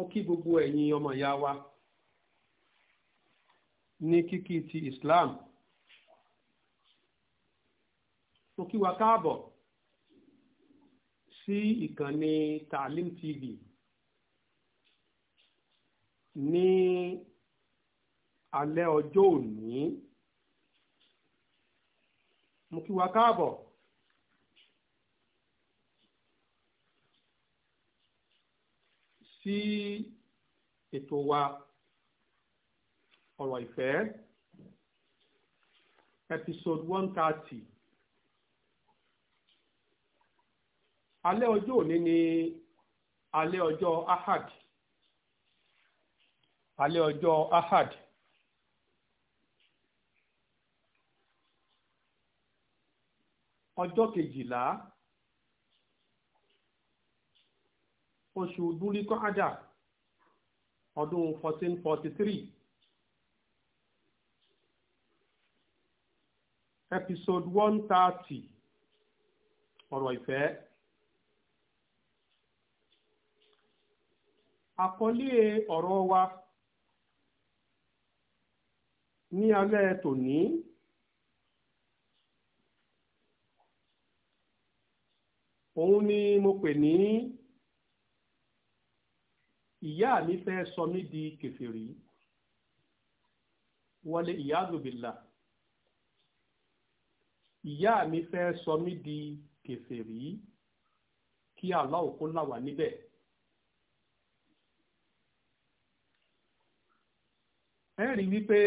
mo kí gbogbo ẹ̀yin ọmọ ìyá wa ní kíkí ti Islam mo kí wa káàbọ̀ sí ìkànnì Taalim TV ní alẹ́ ọjọ́ òní mo kí wa káàbọ̀. sí ètò wa ọ̀rọ̀ ìfẹ́ episode one thirty alẹ́ ọjọ́ òní ni alẹ́ ọjọ́ ahad alẹ́ ọjọ́ ahad. ọjọ́ kejìlá oṣù dúlíkọ́ádà ọdún 1443 episode 130 ọ̀rọ̀ ìfẹ́ àkọlé ọ̀rọ̀ wa ní alẹ́ tòní òun ni mo pè ní ìyá mi fẹ́ sọ mí di kèfèrí wọlé iyadu billah ìyá mi fẹ́ sọ mí di kèfèrí kí Allah kó là wá níbẹ̀. ẹ rí wípé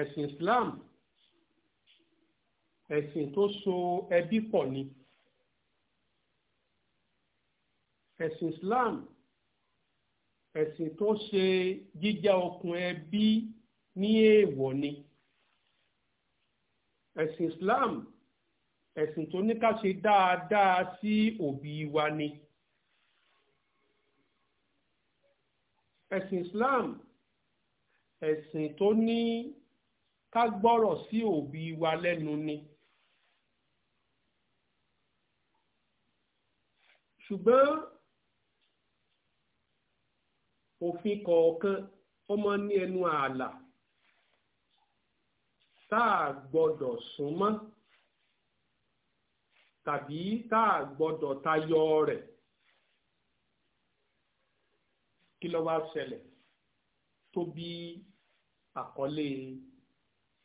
ẹ̀sìn Islam ẹ̀sìn tó so ẹbí pọ̀ ni ẹ̀sìn Islam ẹ̀sìn tó ṣe jíjá okùn ẹbí ní èèwọ̀ ni ẹ̀sìn Islam ẹ̀sìn tó ní ká ṣe dáadáa sí òbí wa ni ẹ̀sìn Islam ẹ̀sìn tó ní ká gbọ́rọ̀ sí òbí wa lẹ́nu ni. ṣùgbọ́n òfin kọ̀ọ̀kan ó máa ní ẹnu ààlà tá a gbọ́dọ̀ súnmọ́ tàbí tá a gbọ́dọ̀ tayọ rẹ̀ kí ló wá ṣẹlẹ̀ tó bí àkọlé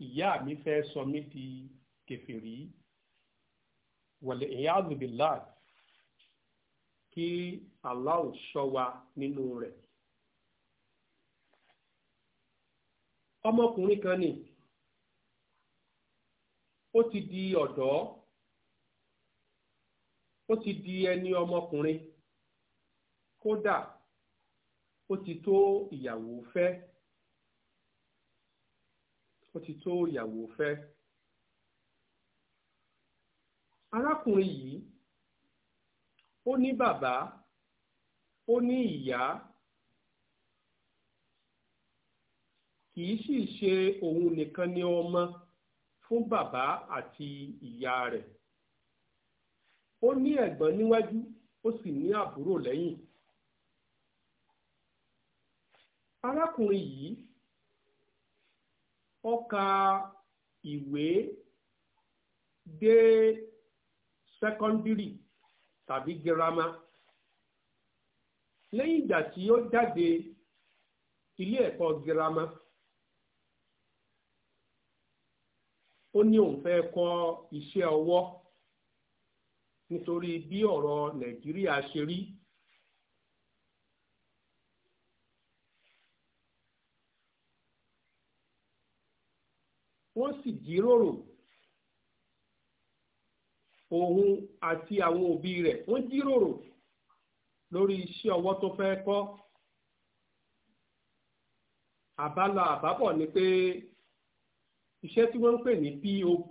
ìyá mi fẹ́ sọ mí di kẹfìrí wọ̀lẹ̀ ìyá àdùbìlá kí Allah ṣọ́ wa nínú rẹ̀. ọmọkùnrin kan ni ó ti di ọ̀dọ́ ó ti di ẹni ọmọkùnrin kódà ó ti tó ìyàwó fẹ́ ó ti tó ìyàwó fẹ́ arákùnrin yìí ó ní bàbá ó ní ìyá kì í sì ṣe òun nìkan ni ọmọ fún bàbá àti ìyá rẹ̀ ó ní ẹ̀gbọ́n níwájú ó sì ní àbúrò lẹ́yìn arákùnrin yìí ó ka ìwé dé sẹ́kọ́ndírì tàbí girama lẹ́yìn ìgbà tí ó jáde ilé ẹ̀kọ́ girama. ó ní òun fẹ́ kọ́ iṣẹ́ ọwọ́ nítorí bí ọ̀rọ̀ nàìjíríà ṣe rí wọ́n sì jíròrò òun àti àwọn òbí rẹ̀ wọ́n jíròrò lórí iṣẹ́ ọwọ́ tó fẹ́ kọ́ àbálọ àbábọ̀ ni pé. Pe iṣẹ́ tí wọ́n ń pè ní pop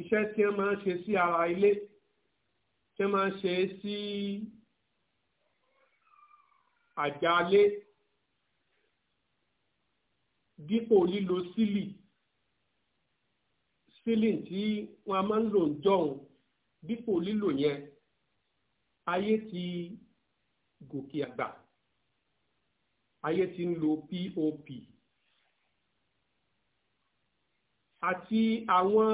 iṣẹ́ tí wọ́n máa ń ṣe sí ara ilé tí wọ́n máa ń ṣe sí àjàlé dípò lílo sílì sílì tí wọ́n máa ń lò ń jọ̀hún dípò lílo yẹn ayé ti gòkè àgbà ayé ti ń lo pop. àti àwọn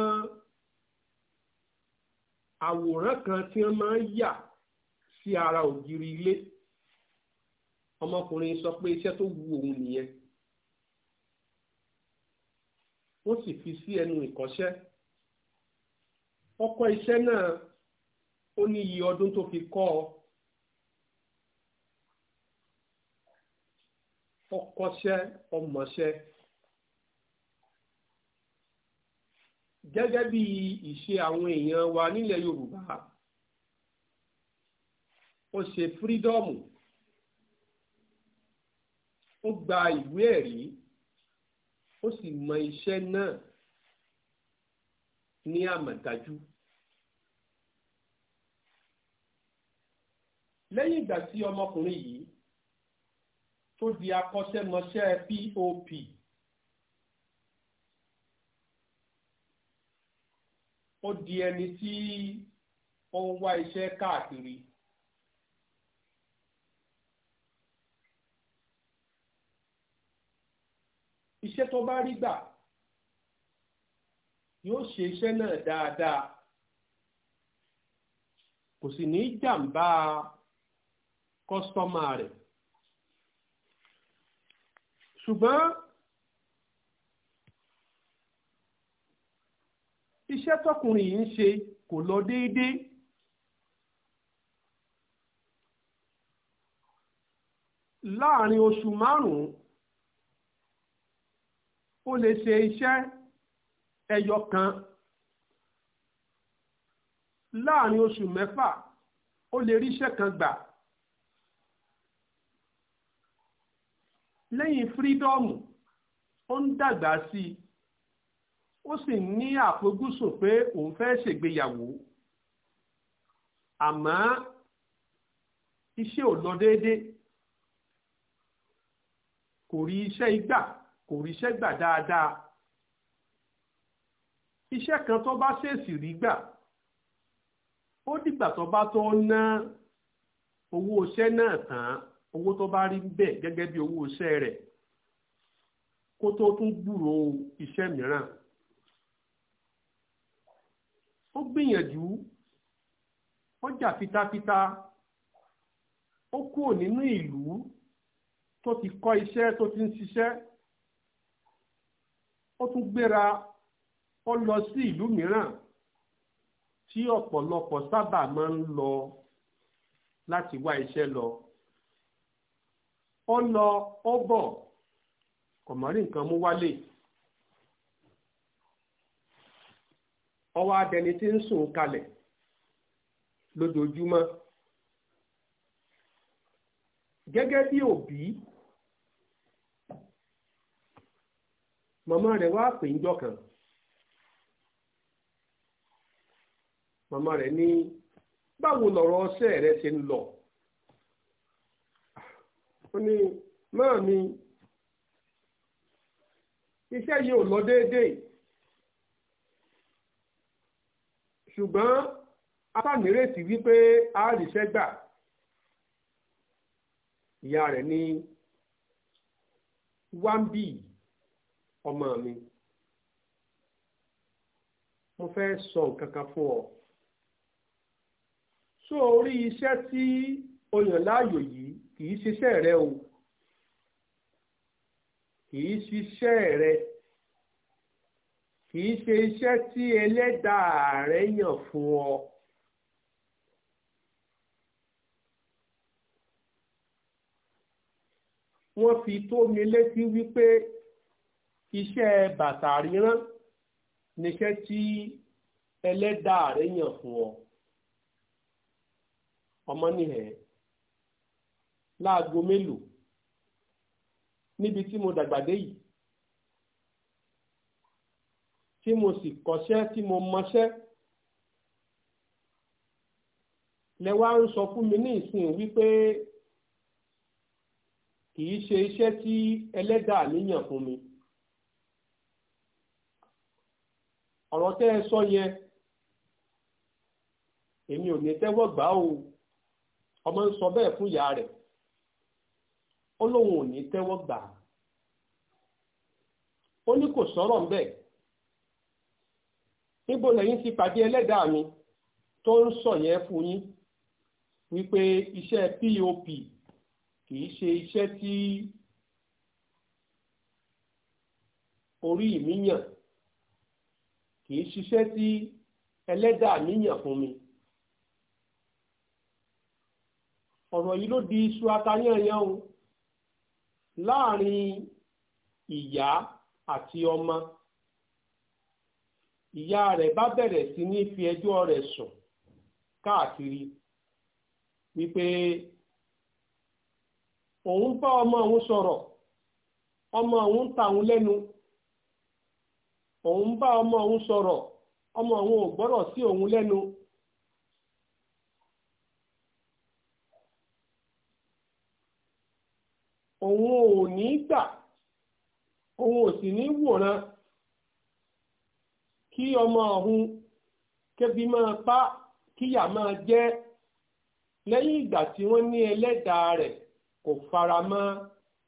àwòrán kan tí wọ́n máa ń yà sí ara ògiri ilé ọmọkùnrin sọ pé iṣẹ́ tó wu òun nìyẹn wọ́n sì fi sí ẹnu ìkọ́ṣẹ́ ọkọ̀ iṣẹ́ náà ó ní iye ọdún tó fi kọ́ ọ ọkọṣẹ́ ọmọṣẹ́ gẹ́gẹ́ bí ìṣe àwọn èèyàn wa nílẹ̀ Yorùbá ó ṣe fírídọ́ọ̀mù ó gba ìwé ẹ̀rí ó sì mọ iṣẹ́ náà ní àmọ̀dájú. lẹ́yìn ìgbà tí ọmọkùnrin yìí tó di akọ́ṣẹ́mọṣẹ́ pop ó di ẹni tí ó ń wá iṣẹ́ káàkiri. iṣẹ́ tó bá rí gbà yóò ṣe iṣẹ́ náà dáadáa kò sì ní jàǹbá kọ́sítọ́mà rẹ̀ ṣùgbọ́n iṣẹ́ tọkùnrin yìí ń ṣe kò lọ déédéé. láàárín oṣù márùn-ún ó lè ṣe iṣẹ́ ẹyọ kan láàárín oṣù mẹ́fà ó lè ríṣẹ́ kan gbà lẹ́yìn fírídọ́ọ̀mù ó ń dàgbà sí i ó sì ní àfojúsùn pé òun fẹ́ ṣègbéyàwó àmọ́ iṣẹ́ ò lọ déédéé kò rí iṣẹ́ igbá kò rí iṣẹ́ gbà dáadáa iṣẹ́ kan tó bá ṣèèsì rí gbà ó dìgbà tó bá tó ná owó iṣẹ́ náà tán owó tó bá rí bẹ́ẹ̀ gẹ́gẹ́ bí owó iṣẹ́ rẹ̀ kó tó tún iṣẹ́ mìíràn. ó gbìyànjú ó jà fitafita ó kúrò nínú ìlú tó ti kọ́ iṣẹ́ tó ti ń ṣiṣẹ́ ó tún gbéra ó lọ sí ìlú mìíràn tí ọ̀pọ̀lọpọ̀ sábà máa ń lọ láti wá iṣẹ́ lọ ó lọ ó bọ̀ kò nǹkan mú wálé. ọwọ́ adẹni tí ń sùn kalẹ̀ lójoojúmọ́ gẹ́gẹ́ bí òbí màmá rẹ̀ wá pè ń jọkàn màmá rẹ̀ ní báwo lọ̀rọ̀ ọṣẹ́ rẹ̀ ṣe ń lọ ó ní máa mi iṣẹ́ yìí ò lọ déédéé ṣùgbọ́n afánirètí wípé a ríṣẹ́ gbà ìyá rẹ̀ ní wáńbì ọmọ mi mo fẹ́ sọ nǹkan kan fún ọ so orí iṣẹ́ tí o yàn láàyò yìí kì í ṣiṣẹ́ rẹ o kì í ṣiṣẹ́ rẹ kì í ṣe iṣẹ́ tí ẹlẹ́dàá rẹ̀ yàn fún ọ. wọ́n fi tó mi létí wípé iṣẹ́ bàtà rírán níṣẹ́ tí ẹlẹ́dàá rẹ̀ yàn fún ọ. ọmọ nìyẹn láago mélòó níbi tí mo dàgbà dé yìí tí mo sì kọ́ṣẹ́ tí mo mọṣẹ́ lẹ ń sọ fún mi ní ìsìn wípé kì í ṣe iṣẹ́ tí ẹlẹ́dà mi fún mi. ọ̀rọ̀ tẹ́ ẹ sọ yẹn èmi ò ní tẹ́wọ́ gbà ó ọmọ ń sọ bẹ́ẹ̀ fún ìyá rẹ̀ ó lóun ò ní tẹ́wọ́ gbà ó ní kò sọ̀rọ̀ ń bẹ́ẹ̀ níbo lẹ́yìn ti pàdé ẹlẹ́dàá mi tó ń sọ̀yẹ́ fún yín wípé iṣẹ́ pop kìí ṣe iṣẹ́ tí orí mi yàn kìí ṣiṣẹ́ tí ẹlẹ́dàá mi yàn fún mi. ọ̀rọ̀ yìí ló di iṣu atayanyan o láàrin ìyá àti ọmọ. ìyá rẹ̀ bá bẹ̀rẹ̀ sí ní fi ẹjọ́ rẹ̀ sùn káàkiri wípé òun bá ọmọ òun sọ̀rọ̀ ọmọ òun ta òun lẹ́nu òun bá ọmọ òun sọ̀rọ̀ ọmọ òun ò gbọ́rọ̀ sí òun lẹ́nu. òun ò ní gbà òun ò sì ní wòran. kí ọmọ ọ̀hún kébi máa pa kíyà máa jẹ́ lẹ́yìn ìgbà tí wọ́n ní ẹlẹ́dàá rẹ̀ kò fara mọ́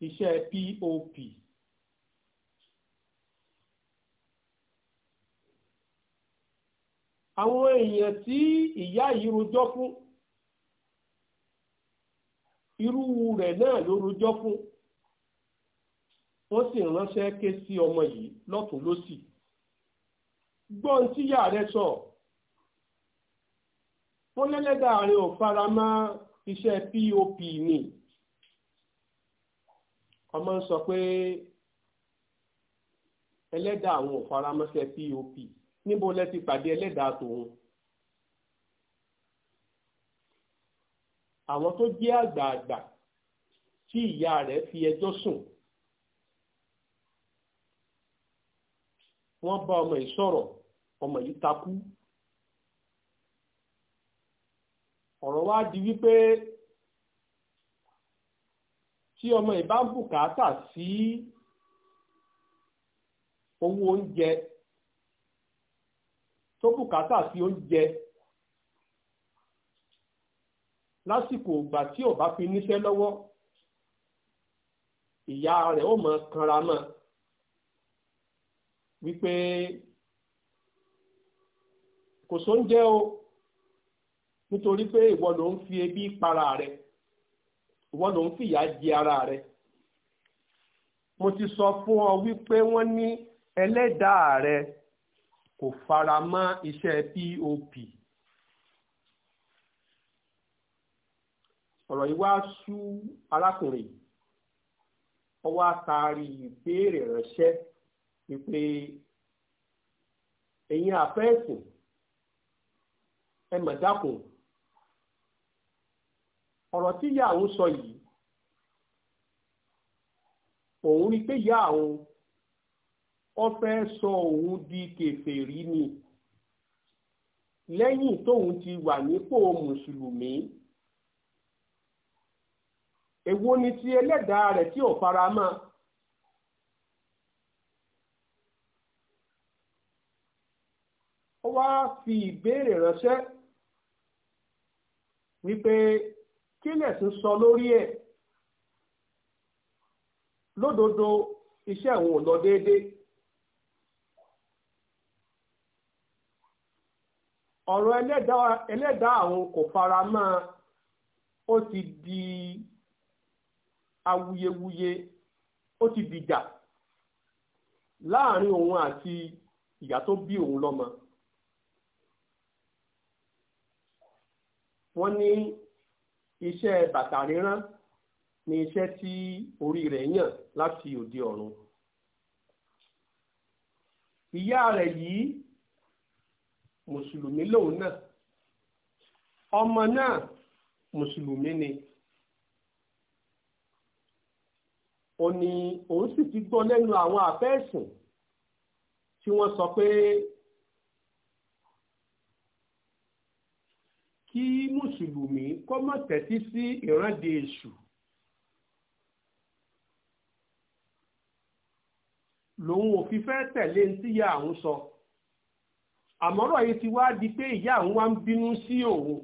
iṣẹ́ pop. àwọn èèyàn tí ìyá yìí rojọ́ fún irú rẹ̀ náà ló rojọ́ fún wọ́n sì ránṣẹ́ ké sí ọmọ yìí lọ́tún lọ́sì. Si gbọ́ ohun tí ìyá rẹ sọ wọ́n lẹ́lẹ́dàá rẹ ò fara mọ́ iṣẹ́ pop ni ọmọ ń sọ pé ẹlẹ́dàá àwọn ò fara mọ́ṣẹ́ pop níbo lẹ ti pàdé ẹlẹ́dàá tòun. àwọn tó jẹ́ àgbààgbà tí ìyá rẹ̀ fi ẹjọ́ sùn wọ́n bá ọmọ ìsọ̀rọ̀ ọmọ yìí takú ọ̀rọ̀ wá di wípé tí ọmọ yìí bá bùkátà sí owó oúnjẹ tó bùkátà sí oúnjẹ lásìkò ìgbà tí ò bá fi níṣẹ́ lọ́wọ́ ìyá rẹ̀ ó mọ̀ kanra mọ́ wípé kò sóúnjẹ o nítorí pé ìwọ ló ń fi ebi para rẹ ìwọ ló ń fìyà jẹ ara rẹ mo ti sọ fún ọ wípé wọ́n ní ẹlẹ́dàá rẹ kò fara mọ́ iṣẹ́ pop ọ̀rọ̀ yìí wá sú arákùnrin ọ wá taari ìbéèrè ránṣẹ́ wípé ẹ̀yin àfẹ́sùn ẹ mọ̀ dákun ọ̀rọ̀ tí ìyàwó sọ yìí òun rí pé ìyá òun sọ òun di kèfèrí ni lẹ́yìn tóun ti wà nípò mùsùlùmí èwo ni ti ẹlẹ́dàá rẹ̀ tí ò fara mọ́ ó wá fi ìbéèrè ránṣẹ́. wípé kílẹ̀ sì sọ lórí ẹ̀ lódodo iṣẹ́ àwọn ò lọ déédéé. ọ̀rọ̀ ẹlẹdàá àwọn kò fara mọ́ ó ti di awuyewuye ó ti dìjà láàrin òun àti ìyá tó bí òun lọmọ. wọ́n ní iṣẹ́ bàtà rírán ni iṣẹ́ tí orí rẹ̀ yàn láti òde ọ̀run. ìyá rẹ̀ yìí mùsùlùmí lòun náà ọmọ náà mùsùlùmí ni. ó ní òun sì ti gbọ́ lẹ́nu àwọn àfẹ́sùn tí wọ́n sọ pé kí mùsùlùmí kó má tẹ́tí sí ìrande èṣù lòun ò fi fẹ́ tẹ̀lé ní tíyà àwọn sọ àmọ́rọ̀ yìí ti wá di pé ìyá àwọn wá ń bínú sí òun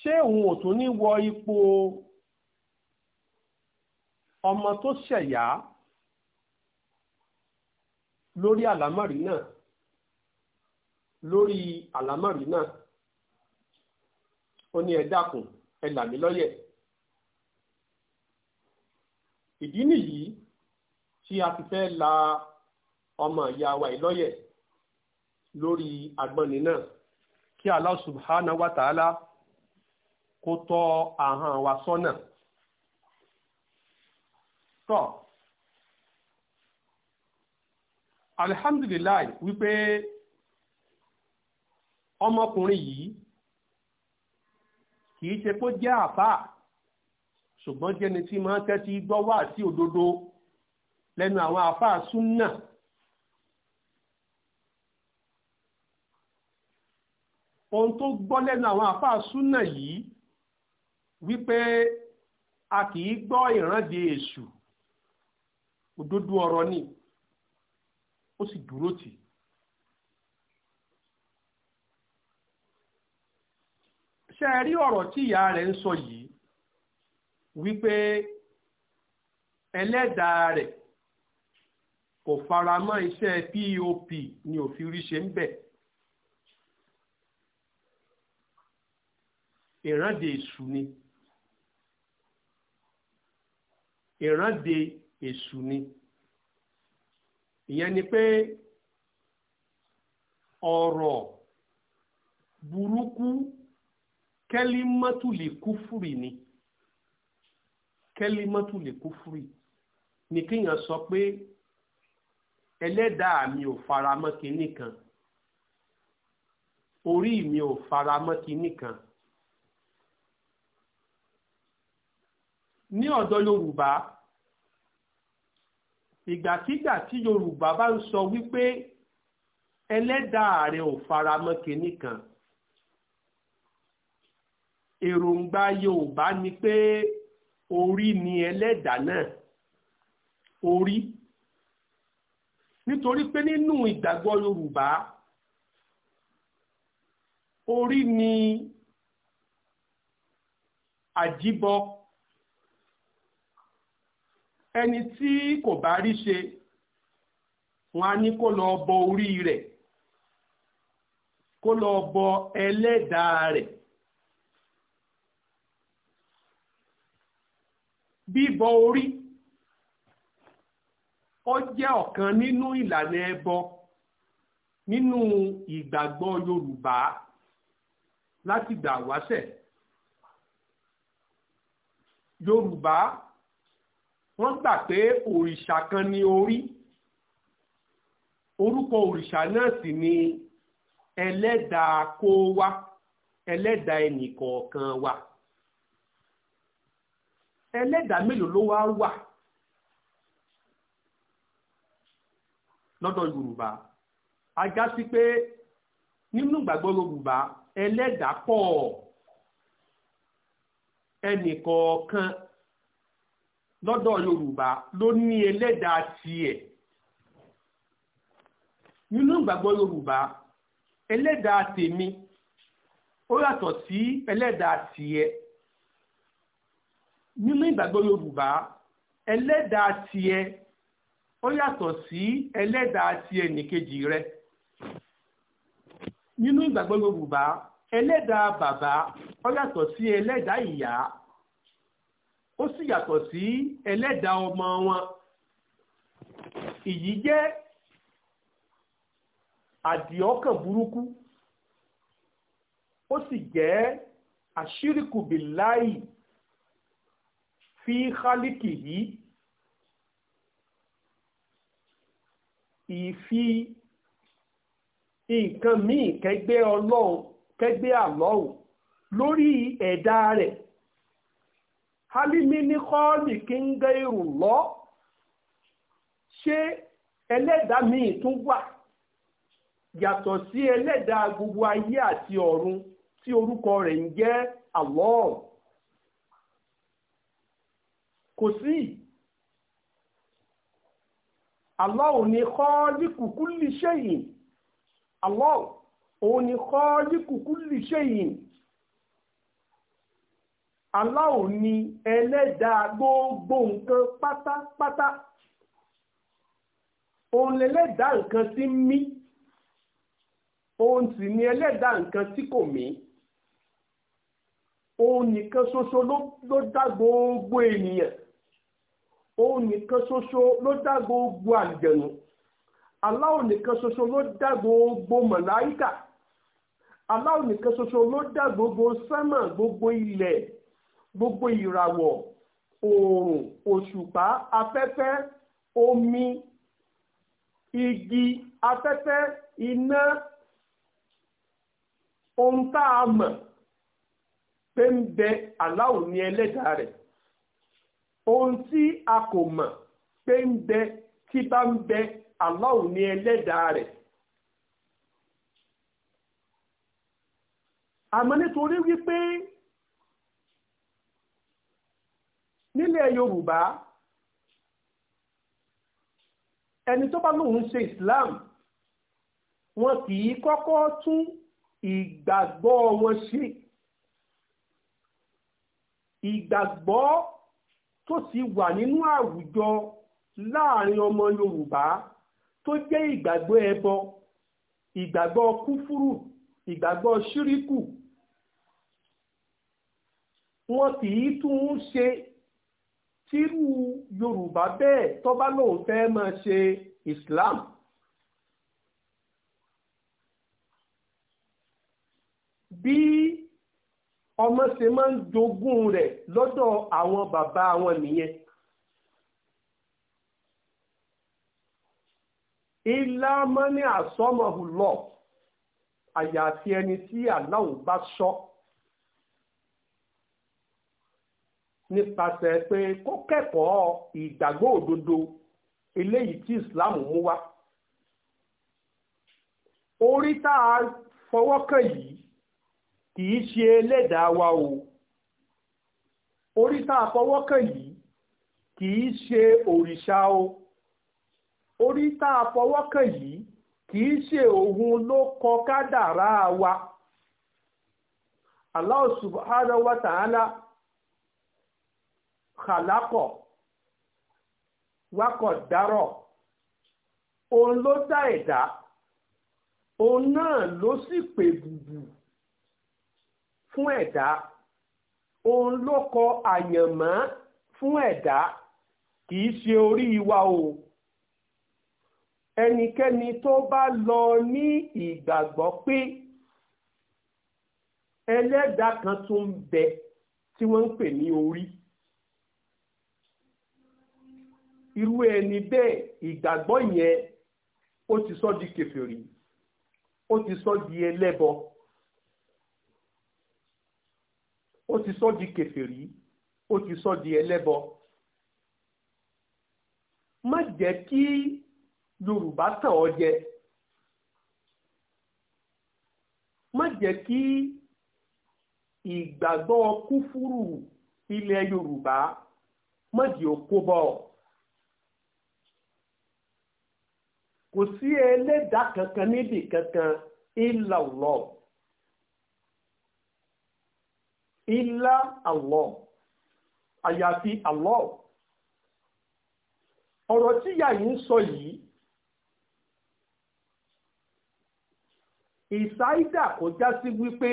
ṣé òun ò tún ní wọ ipò ọmọ tó ṣẹ̀yà lórí àlámọ̀rí náà lórí àlámọ̀rí náà ó ní ẹ dákun ẹ là mí lọ́yẹ̀ ìdí nìyí tí a ti fẹ́ la ọmọ ìyá wa ìlọ́yẹ̀ lórí agbọ́ni náà kí Allah subhanahu wa ta'ala kó tọ́ ahọ́n wa sọ́nà tọ́ alhamdulillah wípé ọmọkùnrin yìí kìí ṣe kó jẹ́ àfà ṣùgbọ́n jẹ́ni tí máa ń tẹ́tí gbọ́ wá sí òdodo lẹ́nu àwọn àfà súnà. ohun tó gbọ́ lẹ́nu àwọn àfà súnà yìí wípé a kìí gbọ́ ìrande èṣù òdodo ọ̀rọ̀ ni ó sì dúró tì í. ṣe é rí ọ̀rọ̀ tí ìyá rẹ̀ ń sọ yìí wípé ẹlẹ́dàá rẹ̀ kò fara mọ́ iṣẹ́ pop ni òfin rí ṣe ń bẹ̀. ìrande èṣù ni ìrande èṣù ni ìyẹn ni pé ọ̀rọ̀ burúkú kẹ́límọ́tùlì kúfùrì ni kẹ́límọ́tùlì kúfùrì ni kéèyàn sọ pé ẹlẹ́dàá mi ò faramọ́ kinní kan orí mi ò faramọ́ kinní kan. ní ọ̀dọ̀ Yorùbá ìgbàkígbà tí Yorùbá bá ń sọ wípé ẹlẹ́dàá rẹ̀ ò faramọ́ kinní kan. èròǹgbà Yorùbá ni pé orí ni ẹlẹ́dàá náà orí nítorí pé nínú ìgbàgbọ́ Yorùbá orí ni àjíbọ ẹni tí kò bá rí ṣe wọn á ní kó lọ bọ orí rẹ̀ kó lọ bọ ẹlẹ́dàá rẹ̀. bíbọ orí ó jẹ́ ọ̀kan nínú ìlànà ẹbọ nínú ìgbàgbọ́ Yorùbá láti gbà wáṣẹ̀ Yorùbá wọ́n gbà pé òrìṣà kan ni orí orúkọ òrìṣà náà sì ni ẹlẹ́dàá kó wá ẹlẹ́dàá ẹnìkọ̀ọ̀kan wa. Eleda ẹlẹ́dàá mélòó ló wá wà lọ́dọ̀ yorùbá a já sí pé nínú ìgbàgbọ́ yorùbá ẹlẹ́dàá pọ̀ ẹnìkọ̀ọ̀kan lọ́dọ̀ yorùbá ló ní ẹlẹ́dàá tiẹ̀ nínú ìgbàgbọ́ yorùbá ẹlẹ́dàá tèmi ó yàtọ̀ sí ẹlẹ́dàá tiẹ̀. nínú ìgbàgbọ́ yorùbá ẹlẹ́dàá tiẹ̀ ó yàtọ̀ sí ẹlẹ́dàá tiẹ̀ nìkejì rẹ nínú ìgbàgbọ́ yorùbá ẹlẹ́dàá bàbá ó yàtọ̀ sí ẹlẹ́dàá ìyá ó sì yàtọ̀ sí ẹlẹ́dàá ọmọ wọn èyí jẹ́ àdìọ́kàn burúkú ó sì jẹ́ àṣírìkù bìláì fi khalikihi ìfi nǹkan míì kẹgbẹ́ ọlọ́run kẹgbẹ́ àlọ́hùn lórí ẹ̀dá rẹ̀ halimi ní kọ́ọ̀lì kí ń gẹ irun lọ ṣé ẹlẹ́dàá míì tún wà yàtọ̀ sí ẹlẹ́dàá gbogbo ayé àti ọ̀run tí orúkọ rẹ̀ ń jẹ́ àlọ́hùn kò sí Allah ni khaliqu kulli shay'in Allah òun ni khaliqu kulli shay'in Allah ni ẹlẹ́dàá gbogbo nǹkan pátápátá òun lẹ́lẹ́dàá nǹkan tí ń mí òun sì ni ẹlẹ́dàá nǹkan tí kò mí òun nìkan ṣoṣo ló dá gbogbo ènìyàn òun nìkan ṣoṣo ló dá gbogbo àlùjẹ̀nù aláwo nìkan ṣoṣo ló dá gbogbo màláíkà aláwo nìkan ṣoṣo ló dá gbogbo sánmà gbogbo ilẹ̀ gbogbo ìràwọ̀ oòrùn òṣùpá afẹ́fẹ́ omi igi afẹ́fẹ́ iná ohun tá a mọ̀ pé ń bẹ aláwo ní ẹlẹ́dàá rẹ̀ ohun tí a kò mọ̀ pé ń bẹ tí bá ń bẹ Allah ní ẹlẹ́dàá rẹ̀. àmọ́ nítorí wípé nílẹ̀ Yorùbá ẹni tó bá lóun ṣe Islam wọn kì í kọ́kọ́ tún ìgbàgbọ́ wọn ṣe ìgbàgbọ́ tó sì wà nínú àwùjọ láàrin ọmọ Yorùbá tó jẹ́ ìgbàgbọ́ ẹbọ ìgbàgbọ́ kúfúrú ìgbàgbọ́ ṣíríkù wọn kì í tún ń ṣe tírú Yorùbá bẹ́ẹ̀ tó bá lóun fẹ́ máa ṣe Islam. bí ọmọ ṣe máa ń jogún rẹ̀ lọ́dọ̀ àwọn bàbá wọn nìyẹn. ilá mọ́ni àsọmọ̀hùn lọ àyàfi ẹni tí Allah bá ṣọ́ nípasẹ̀ pé kó kẹ́kọ̀ọ́ ìgbàgbọ́ òdodo eléyìí tí Islam mú wá. orí tá a fọwọ́ kàn yìí kì í ṣe ẹlẹ́dàá wa o oríta àfọwọ́kàn yìí kì í ṣe òrìṣà o oríta àfọwọ́kàn yìí kì í ṣe òhun ló kọ kádàrá wa Allah subhanahu wa kàlákọ̀ wákọ̀ dárọ̀ òun ló dá ẹ̀dá òun náà ló sì pè bùbù. fún ẹ̀dá òun ló kọ àyànmọ́ fún ẹ̀dá kì í ṣe orí wa o ẹnikẹ́ni tó bá lọ ní ìgbàgbọ́ pé ẹlẹ́dà kan tó ń bẹ tí wọ́n ń pè ní orí irú ẹni bẹ́ẹ̀ ìgbàgbọ́ yẹn ó ti sọ di kèfèrí ó ti sọ di ẹlẹ́bọ. E ó ti sọ di kèfèrí ó ti sọ di ẹlẹ́bọ má jẹ́ kí yorùbá tàn ọ́ jẹ má jẹ́ kí ìgbàgbọ́ kúfúrù ilẹ̀ yorùbá má jẹ́ òkó bọ̀ kò sí ẹlẹ́dàá kankan níbi kankan ìlà ọlọ́ọ̀ ilá Allah àyàfi Allah ọ̀rọ̀ tí ìyá yìí ń sọ yìí ìsáídà kò já sí wípé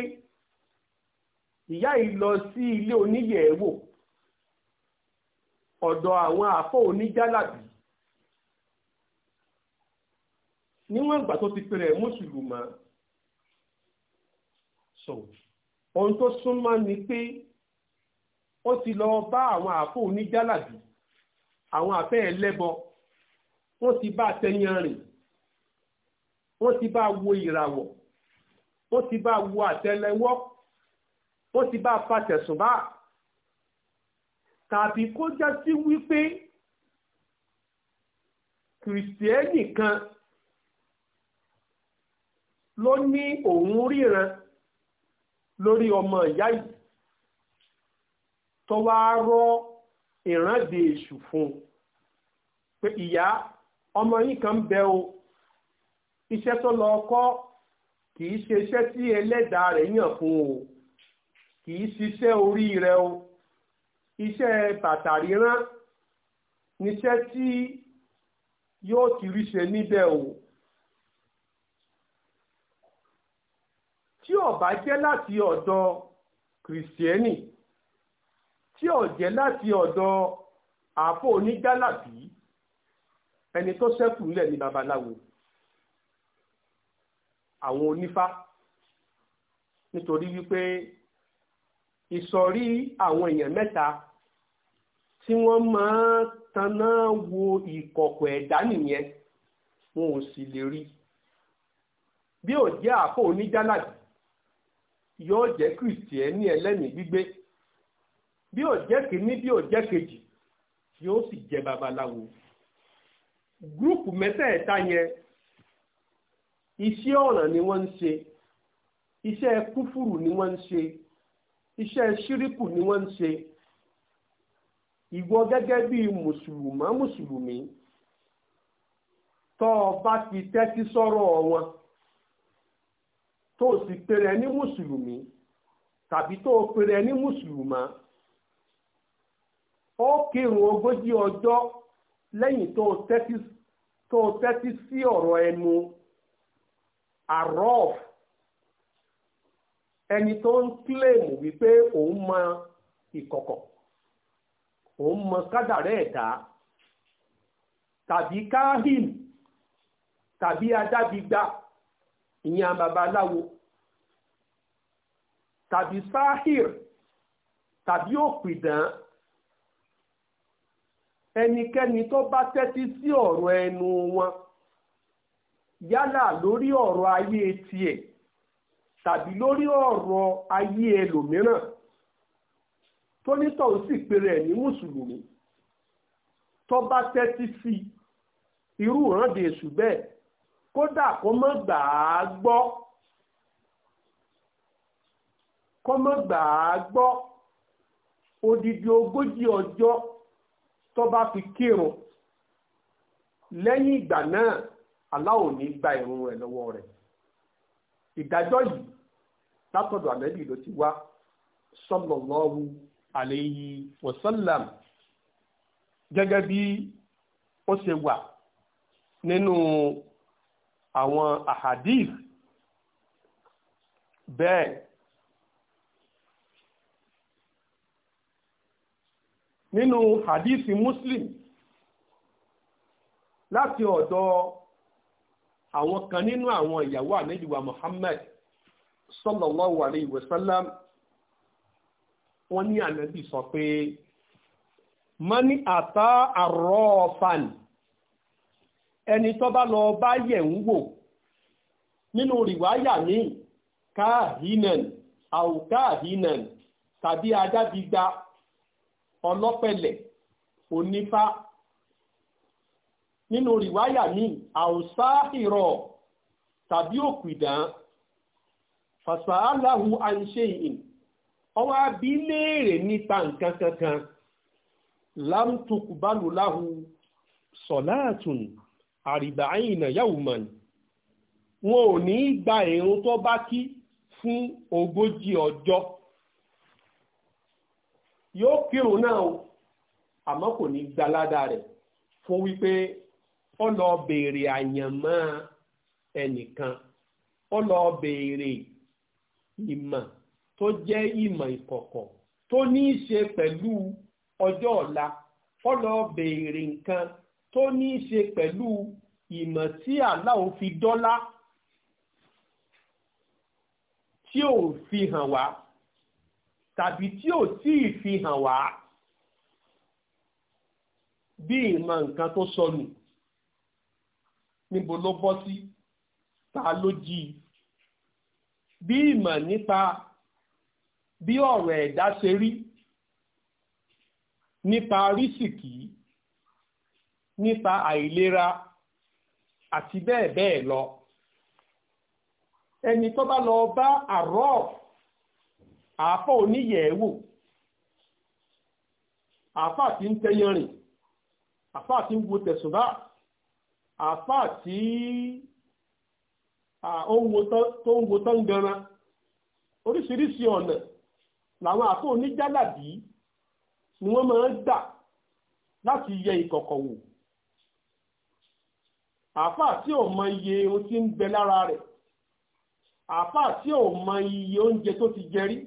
ìyá yìí lọ sí ilé oníyẹ̀ẹ́wò ọ̀dọ̀ àwọn àfọ́ oníjálàbí níwọ̀n ìgbà tó ti pèrè mùsùlùmọ́ so ohun tó súnmọ́ ni pé ó ti lọ bá àwọn àfọ oníjálàbí àwọn àfẹ́ ẹlẹ́bọ wọ́n ti bá tẹyàn rìn wọ́n ti bá wo ìràwọ̀ wọ́n ti bá wo àtẹlẹwọ́ wọ́n ti bá fàtẹ̀sùnbá tàbí kó já sí wípé kìrìsìtẹ́nì kan ló ní òun ríran lórí ọmọ ìyá yìí tó wá rọ ìrànde èṣù fún un pé ìyá ọmọ yìí kan bẹ o iṣẹ́ tó lọ kọ́ kì í ṣe iṣẹ́ tí ẹlẹ́dàá rẹ̀ yàn fún o kì í ṣiṣẹ́ orí rẹ̀ o iṣẹ́ bàtà rírán níṣẹ́ tí yóò ti rí ṣe níbẹ̀ o. tí ó bá jẹ́ láti ọ̀dọ̀ kìrìsìẹ́nì tí ó jẹ́ láti ọ̀dọ̀ àpò onígálàbí ẹni tó ṣẹ́kù ńlẹ̀ ní babaláwo àwọn onífá nítorí wípé ìsọ̀rí àwọn èèyàn mẹ́ta tí wọ́n máa taná wo ìkọ̀kọ̀ ẹ̀dá nìyẹn wọn ò sì lè rí bí ò jẹ́ àpò onígálàbí yóò jẹ́ kìrìsìtẹ́nì ẹlẹ́mìí gbígbé bí ò jẹ́ kìíní bí ò jẹ́ kejì yóò sì jẹ́ babaláwo gúrùpù mẹ́tẹ̀ẹ̀ta yẹn iṣẹ́ ọ̀nà ni wọ́n ń ṣe iṣẹ́ kúfùrù ni wọ́n ń ṣe iṣẹ́ ṣírípù ni wọ́n ń ṣe ìwọ gẹ́gẹ́ bí mùsùlùmá mùsùlùmí tó o bá ti tẹ́tí sọ́rọ̀ wọn tó o sì pèrè ní mùsùlùmí tàbí tó o pèrè ní mùsùlùmá ó kírun ogójì ọjọ́ lẹ́yìn tó o tẹ́tí sí ọ̀rọ̀ ẹnu àrọ́ọ̀f ẹni tó ń kílèmù wípé òun mọ ìkọ̀kọ̀ òun mọ kádàrẹ́ ẹ̀dá tàbí káhìn tàbí adábígbà ìyẹn babaláwo tàbí sáhìr tàbí òpìdán ẹnikẹ́ni tó bá tẹ́tí sí ọ̀rọ̀ ẹnu wọn yálà lórí ọ̀rọ̀ ayé tiẹ̀ tàbí lórí ọ̀rọ̀ ayé ẹlòmíràn tó nítọ̀hún sì pèrè ẹ̀ ní mùsùlùmí tó bá tẹ́tí sí irú ìrànde èṣù bẹ́ẹ̀ kódà kó mọ́ gbà á gbọ́ kó mọ́ gbà á gbọ́ odidi ogójì ọjọ́ tó bá fi kírun lẹ́yìn ìgbà náà Allah ní gba ìrun rẹ̀ lọ́wọ́ rẹ̀ ìdájọ́ yìí látọ̀dọ̀ ànábì ló ti wá sallallahu alayhi wa sallam gẹ́gẹ́ bí ó ṣe wà nínú àwọn ahadith bẹ́ẹ̀ nínú hadithi muslim láti ọ̀dọ̀ àwọn kan nínú àwọn ìyàwó àmẹ́jìwà muhammad sallallahu alayhi wa sallam wọ́n ní ànábì sọ pé mani ata Arrofan ẹni tó bá lọ bá yẹ̀ ń wò nínú rìwáyà ní káàhínẹ̀n àwòkáàhínẹ̀n tàbí adábígba ọlọ́pẹ̀lẹ̀ onífá nínú rìwáyà ní àwòsá ìrọ̀ tàbí òkùdán fàṣàláhù àìṣeìn ọwọ́ abí léèrè nípa nǹkan kankan lámtùkù bálùláhù sọ̀láàtùn àrìbáyìnà yawman wọn ò ní í gba ìrun tó bá kí fún ogójì ọjọ́ yóò kírun náà o àmọ́ kò ní gbalada rẹ̀ fún wípé ó lọ béèrè àyànmọ́ ẹnìkan ó lọ béèrè ìmọ̀ tó jẹ́ ìmọ̀ ìkọ̀kọ̀ tó ní í ṣe pẹ̀lú ọjọ́ ọ̀la ó lọ béèrè nǹkan tó ní í ṣe pẹ̀lú ìmọ̀ tí Allah fi dọ́lá tí ò fi hàn wá tàbí tí ò tí ì fi hàn wá bí ìmọ̀ nǹkan tó sọnù níbo ló bọ́ sí ta ló jí i bí ìmọ̀ nípa bí ọ̀rọ̀ ẹ̀dá ṣe rí nípa rísìkì nípa àìlera àti bẹ́ẹ̀ bẹ́ẹ̀ lọ ẹni tó bá lọ bá àrọ́ àáfà oníyẹ̀ẹ́wò àáfà tí ń tẹ́yẹrìn àáfà tí ń wo tẹ̀sùbá àáfà tí tó ń wo tán ganan oríṣiríṣi ọ̀nà làwọn àáfà oníjálàbí ni wọ́n máa ń gbà láti yẹ ìkọ̀kọ̀ wò àáfàá tí ò mọ iye ohun tí ń bẹ lára rẹ̀ àáfàá tí ò mọ iye oúnjẹ tó ti jẹ rí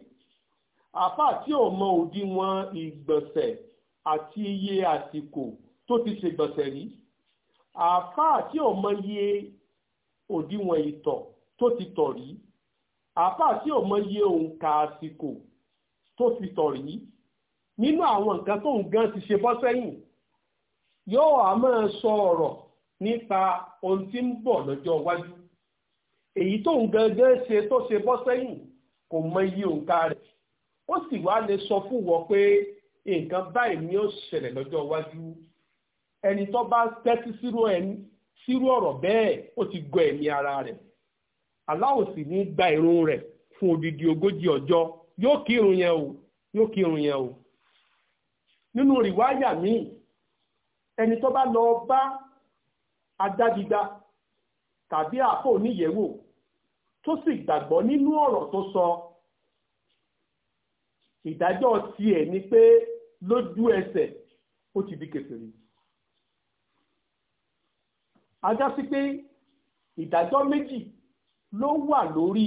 àáfàá tí ò mọ òdiwọ̀n ìgbọ̀nsẹ̀ àti iye àsìkò tó ti ṣègbọ̀nsẹ̀ rí àáfàá tí ò mọ iye òdiwọ̀n ìtọ̀ tó ti tọ̀ rí àáfàá tí ò mọ iye òǹkà àsìkò tó ti tọ̀ rí nínú àwọn nǹkan tó ń gan ti ṣe bọ́ sẹ́yìn yóò á sọ ọ̀rọ̀ nípa ohun tí ń bọ̀ lọ́jọ́ iwájú èyí tó ń gẹ́gẹ́ ṣe tó ṣe bọ́ sẹ́yìn kò mọ iye òǹkà rẹ̀ ó sì wá lè sọ fún wọn pé nǹkan báyìí ni ó ṣẹlẹ̀ lọ́jọ́ iwájú ẹni tó bá tẹ́tí sírú ọ̀rọ̀ bẹ́ẹ̀ ó ti gọ ẹ̀mí ara rẹ̀ Allah sì ní gba ìrun rẹ̀ fún odidi ogójì ọjọ́ yóò kírun yẹn o yóò kírun yẹn o nínú rìwáyà míì ẹni tó bá lọ bá adágidá tàbí àpò oníyẹ̀wò tó sì gbàgbọ́ nínú ọ̀rọ̀ tó sọ ìdájọ́ tiẹ̀ ni pé lójú ẹsẹ̀ ó ti di kèfèrí ajá sí pé ìdájọ́ méjì ló wà lórí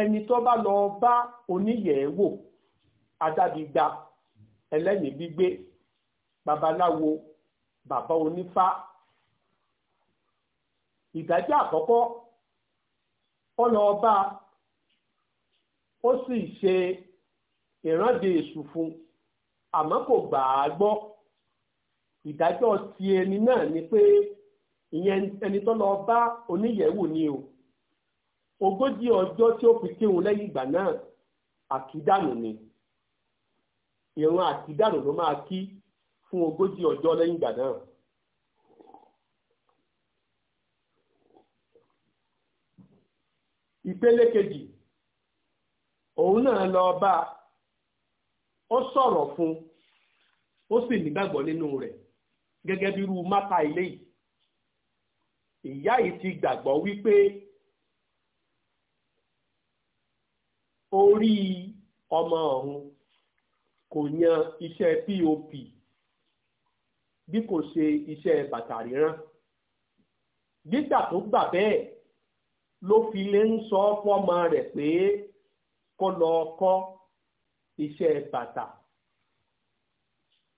ẹni tó bá lọ bá oníyẹ̀wò adágidá ẹlẹ́yìn gbígbé babaláwo bàbá onífá ìdájọ́ àkọ́kọ́ ó o si ó sì ṣe ìrande èṣù àmọ́ kò gbà á gbọ́ ìdájọ́ ti ẹni náà ni pé ìyẹn ẹni tó lọ ni o ogójì ọjọ́ tí ó fi kírun lẹ́yìn ìgbà náà àkídànù ni àkídànù ló máa kí fún ogójì ìpele kejì òun náà lọ bá ó sọ̀rọ̀ fún ó sì nígbàgbọ́ nínú rẹ̀ gẹ́gẹ́ bí irú mápá ilé yìí ìyá yìí ti gbàgbọ́ wípé orí ọmọ ọ̀hún kò yan iṣẹ́ pop bí kò ṣe iṣẹ́ bàtà rírán nígbà tó gbà bẹ́ẹ̀ ló fi lè ń sọ fọ́mọ rẹ̀ pé kó lọ kọ́ iṣẹ́ bàtà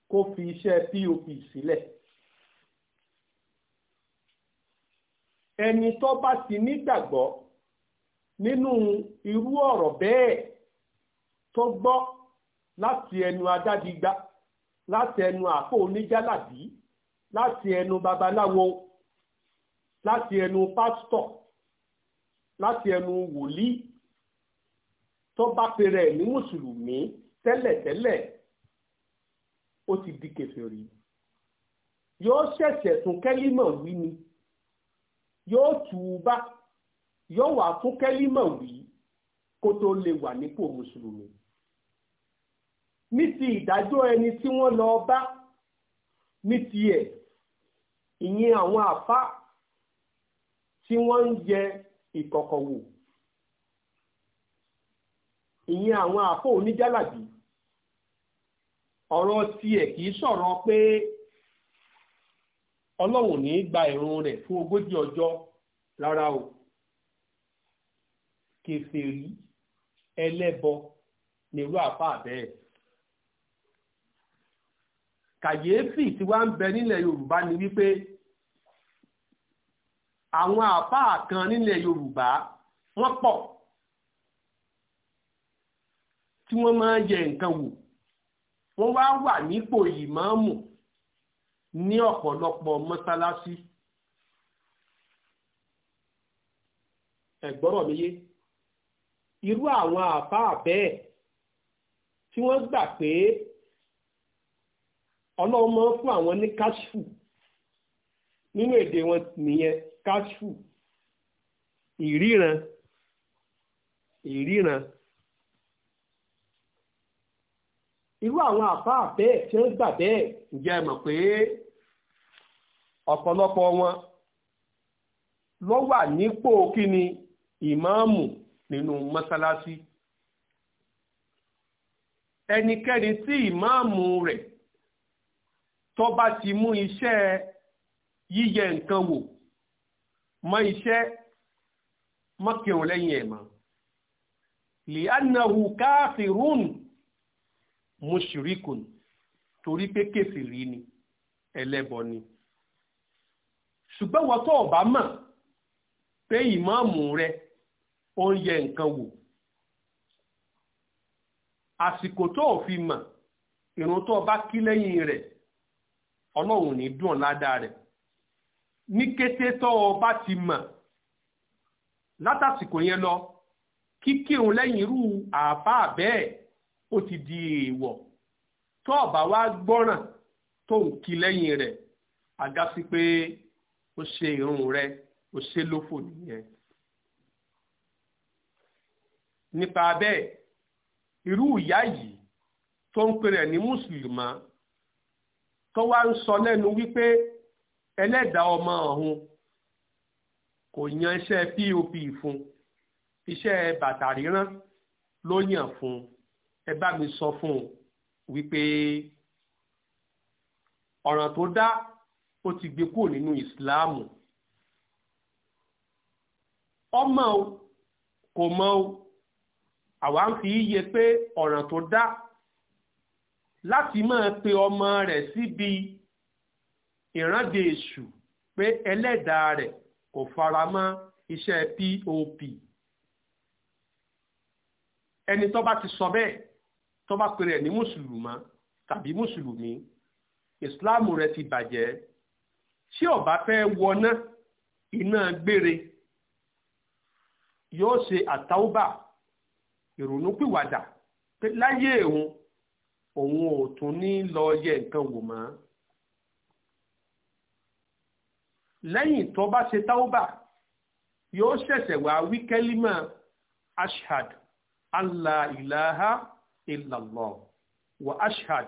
kó fi iṣẹ́ pop sílẹ̀. ẹni tó bá ti nígbàgbọ́ nínú irú ọ̀rọ̀ bẹ́ẹ̀ tó gbọ́ láti ẹnu adádigba láti ẹnu àpò oníjàlábí láti ẹnu babaláwo láti ẹnu pásítọ̀ láti ẹnu wòlíì tó bá pèrè ní mùsùlùmí tẹ́lẹ̀tẹ́lẹ̀ ó ti di kèfèrí yóò ṣẹ̀ṣẹ̀ tún kẹ́límọ̀ wí ni yóò tù ú bá yóò wà tún kẹ́límọ̀ wí kó tó lè wà nípò mùsùlùmí ní ti ìdájọ́ ẹni tí wọ́n lọ bá ní tiẹ̀ ìyẹn àwọn àfa tí wọ́n ń jẹ ìkọ̀kọ̀ wò ìyẹn àwọn àfọ oníjálàbí ọ̀rọ̀ tiẹ̀ kì í sọ̀rọ̀ pé ọlọ́run ní gba ìrun rẹ̀ fún ogójì ọjọ́ rárá o kèfèrí ẹlẹ́bọ nírú àpá bẹ́ẹ̀ kàyéfì tí wàá ń bẹ nílẹ̀ yorùbá ni wípé àwọn àfáà kan nílẹ̀ Yorùbá wọ́n pọ̀ tí wọ́n máa ń yẹ nǹkan wò wọ́n wá wà nípò ìmáàmù ní ọ̀pọ̀lọpọ̀ mọ́sálásí ẹ̀gbọ́rọ̀ mi yé irú àwọn àfáà bẹ́ẹ̀ tí wọ́n gbà pé ọlọ́run máa ń fún àwọn ní káṣífù nínú èdè wọn nìyẹn kashfu ìríran ìríran irú àwọn àfáà bẹ́ẹ̀ tí wọ́n gbà bẹ́ẹ̀ ǹjẹ́ ẹ mọ̀ pé ọ̀pọ̀lọpọ̀ wọn ló wà nípò kíni ìmáàmù nínú mọ́sálásí ẹnikẹ́ni tí ìmáàmù rẹ̀ tó bá ti mú iṣẹ́ yíyẹ nǹkan wò mọ iṣẹ́ mọ kírun lẹ́yìn ẹ̀ mọ́ li'annahu káfírún mushrikun torí pé kèfèrí ni ẹlẹ́bọ ni ṣùgbọ́n wọ́n tó ọ̀bá mọ̀ pé ìmáàmù rẹ ó ń yẹ nǹkan wò àsìkò tó ò mọ̀ ìrun tó bá kí lẹ́yìn rẹ̀ ọlọ́run ní dùn ládàá rẹ̀ ní kété tó o bá ti mọ̀ látàsìkò yẹn lọ kíkírun lẹ́yìn irú àáfàá bẹ́ẹ̀ ó ti di èèwọ̀ tó o bá wá gbọ́ràn tó ń kí lẹ́yìn rẹ̀ àga sí pé ó ṣe irun rẹ̀ ó ṣe lófò nìyẹn nípa bẹ́ẹ̀ irú ìyá yìí tó ń pè rẹ̀ ní mùsùlùmá tó wá ń sọ lẹ́nu wípé ẹlẹ́dàá ọmọ ọ̀hún kò yan iṣẹ́ pop fún iṣẹ́ bàtà rírán ló yàn fún ẹ bá mi sọ fún un wípé ọ̀ràn tó dá ó ti gbé kúrò nínú ìsìláàmù ọmọ o kò mọ o àwa ń fi yẹ pé ọ̀ràn tó dá láti máa pe ọmọ rẹ̀ síbi. Si ìrande èṣù pé ẹlẹ́dàá rẹ̀ kò fara mọ́ iṣẹ́ pop ẹni tó bá ti sọ bẹ́ẹ̀ tó bá pèrè ní mùsùlùmá tàbí mùsùlùmí ìsìláàmù rẹ̀ ti bàjẹ́ tí ó bá fẹ́ wọná iná gbére yóò ṣe àtàwùbà ìrònúpìwàdà pé láyé òun òun ò tún ní lọ yẹ nǹkan wò mọ́ lẹ́yìn tó bá ṣe táwọ́bà yóò ṣẹ̀ṣẹ̀ wá wí kẹ́límà ashhad alla ilaha illallah wa ashhad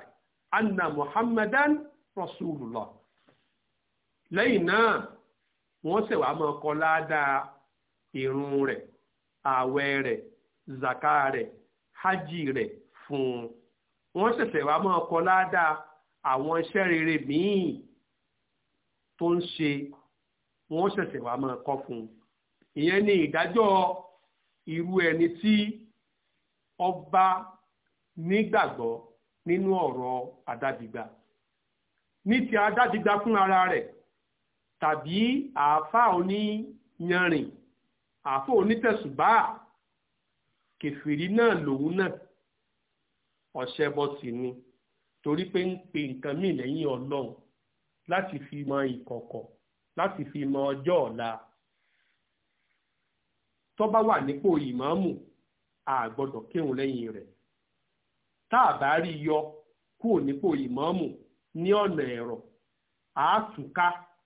anna muhammadan rasulullah lẹ́yìn náà wọ́n ṣẹ̀ wá máa kọ ládàá irun rẹ̀ ààwẹ̀ rẹ̀ zaka rẹ̀ hajj rẹ̀ fún wọ́n ṣẹ̀ṣẹ̀ wá máa kọ ládàá àwọn iṣẹ́ rere míì tó ń ṣe wọ́n ṣẹ̀ṣẹ̀ wá máa kọ́ fún un ìyẹn ni ìdájọ́ irú ẹni tí ọba nígbàgbọ́ nínú ọ̀rọ̀ àdádìgbà ní ti àdádìgbà fún ara rẹ̀ tàbí àáfàá oníyanrìn àáfàá onítẹ̀sùbá kẹfìrí náà lòun náà ọ̀ṣẹ́ bọ́ sí ni torí pé ń pe nǹkan míì lẹ́yìn ọlọ́run láti fi mọ ìkọ̀kọ̀ láti fi mọ ọjọ́ ọ̀la tó bá wà nípò ìmáàmù a gbọ́dọ̀ kírun lẹ́yìn rẹ̀ tá a bá rí yọ kúrò nípò ìmáàmù ní ọ̀nà ẹ̀rọ a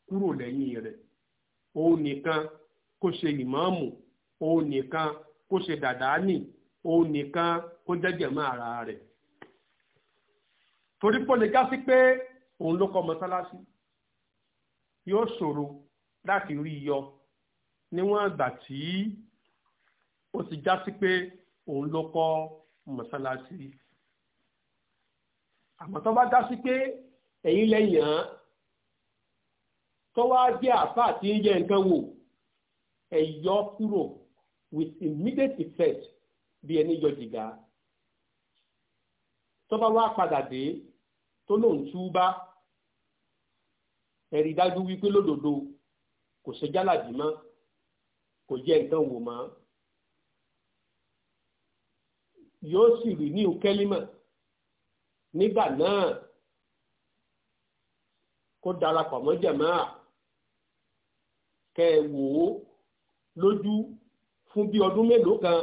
kúrò lẹ́yìn rẹ̀ òun nìkan kó ṣe ìmáàmù òun nìkan kó ṣe dàdánì òun nìkan kó jẹ́jẹ̀ mọ́ ara rẹ̀ torí pé pé òun ló kọ́ mọ́sálásí yóò ṣòro láti rí yọ níwọ̀n ìgbà tí ó ti já sí pé òun ló kọ́ mọ́sálásí àmọ́ tó bá já sí pé ẹ̀yin lẹ́yìn tó wá jẹ́ àfà tí ń nǹkan wò ẹ̀ yọ kúrò with immediate effect bí ẹni yọ jìgá tó bá wá padà dé tó lóun túbá ẹ̀rí dájú wípé lódodo kò ṣe jálàbí mọ́ kò jẹ́ nǹkan wò mọ́ yóò sì rí ní ukẹ́límọ̀ nígbà náà kó darapọ̀ mọ́ jàmáà kẹ́ ẹ wò ó lójú fún bí ọdún mélòó kan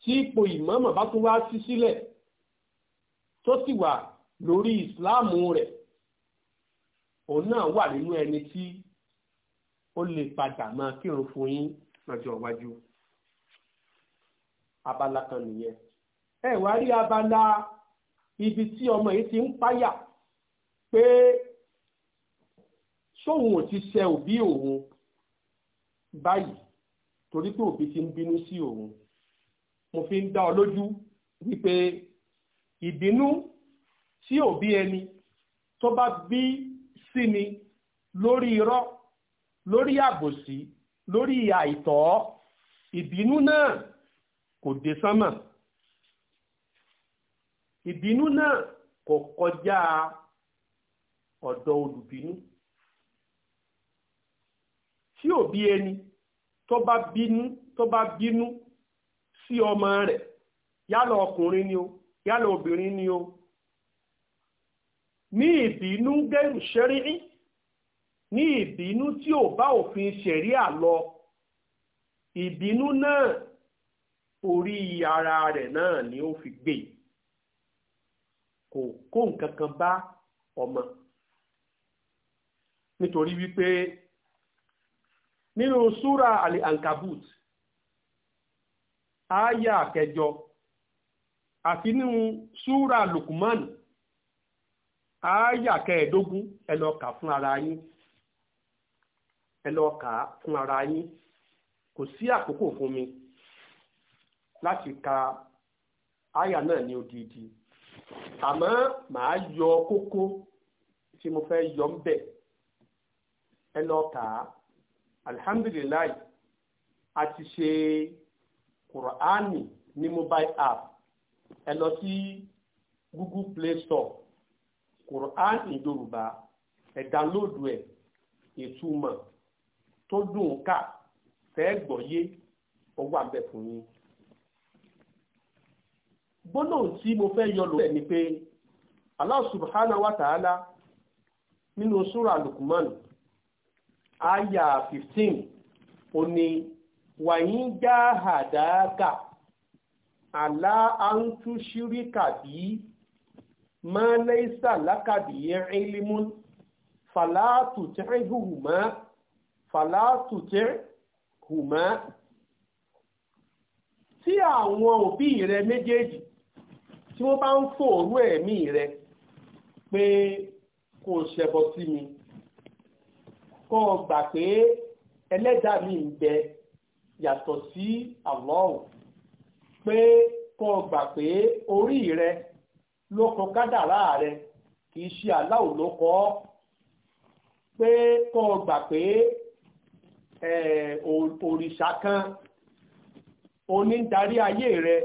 tí ipò ìmọ̀ọ́mọ̀ bá tún wá sí sílẹ̀ tó sì wà lórí ìsìláàmù rẹ̀ òun náà wà nínú ẹni tí ó lè padà máa kírun fún yín lọ́jọ́ iwájú abala kan nìyẹn ẹ wá rí abala ibi tí ọmọ yìí ti ń páyà pé sóun ò ti ṣe òbí òun báyìí torí pé òbí ti ń bínú sí òun mo fi ń dá ọ lójú wípé ìbínú sí òbí ẹni tó bá bí sí mi lórí irọ́ lórí àbòsí lórí àìtọ́ ìbínú náà kò dé sánmà ìbínú náà kò kọjá ọ̀dọ̀ olùbínú tí òbí ẹni tó bá bínú tó bá bínú sí ọmọ rẹ̀ yálà ọkùnrin ni o yálà obìnrin ni o ní ìbínú gẹ́rù ṣẹ́rí'í ní ìbínú tí ò bá òfin ṣẹ̀ríà lọ ìbínú náà orí ara rẹ̀ náà ni ó fi gbé kò kó nǹkan kan bá ọmọ nítorí wípé nínú súra àlè ankabut ááyà kẹjọ àti nínú súra lukman ááyà kẹẹ̀ẹ́dógún ẹ lọ kà fún ara yín ẹ lọ kà á fún ara yín kò sí àkókò fún mi láti ka ááyà náà ní odidi àmọ́ màá yọ kókó tí mo fẹ́ yọ ń bẹ̀ ẹ lọ kà á alihamdulilayi a ti ṣe kùrọ̀ánì ní mobile app ẹ lọ sí google play store Quran in Yorùbá ẹ̀ dánlóòdù ẹ̀ ìtumọ̀ tó dùn ká fẹ́ gbọ́yé ó wà ń fún yín. gbólóhùn tí mo fẹ́ yọ lórí ẹ̀ ni pé Allah subhanahu nínú súra Luqman aya fifteen ó ní wàyín já àdáàkà àlá àǹtúṣíríkà bíi. máa lẹ́sà lákàbí ẹ̀ẹ́límún fàlàtùtẹ̀ hùmá fàlàtùtẹ̀ hùmá tí àwọn òbí rẹ méjèèjì tí wọ́n bá ń fòòrú ẹ̀mí rẹ pé kò ṣẹbọ sí mi kó o gbà pé mi ń bẹ yàtọ̀ Allah pé kó o gbà pé orí ló kọ kádàrá rẹ kì í ṣe aláwo ló kọ ọ pé kó o gbà pé òrìṣà kan onídarí ayé rẹ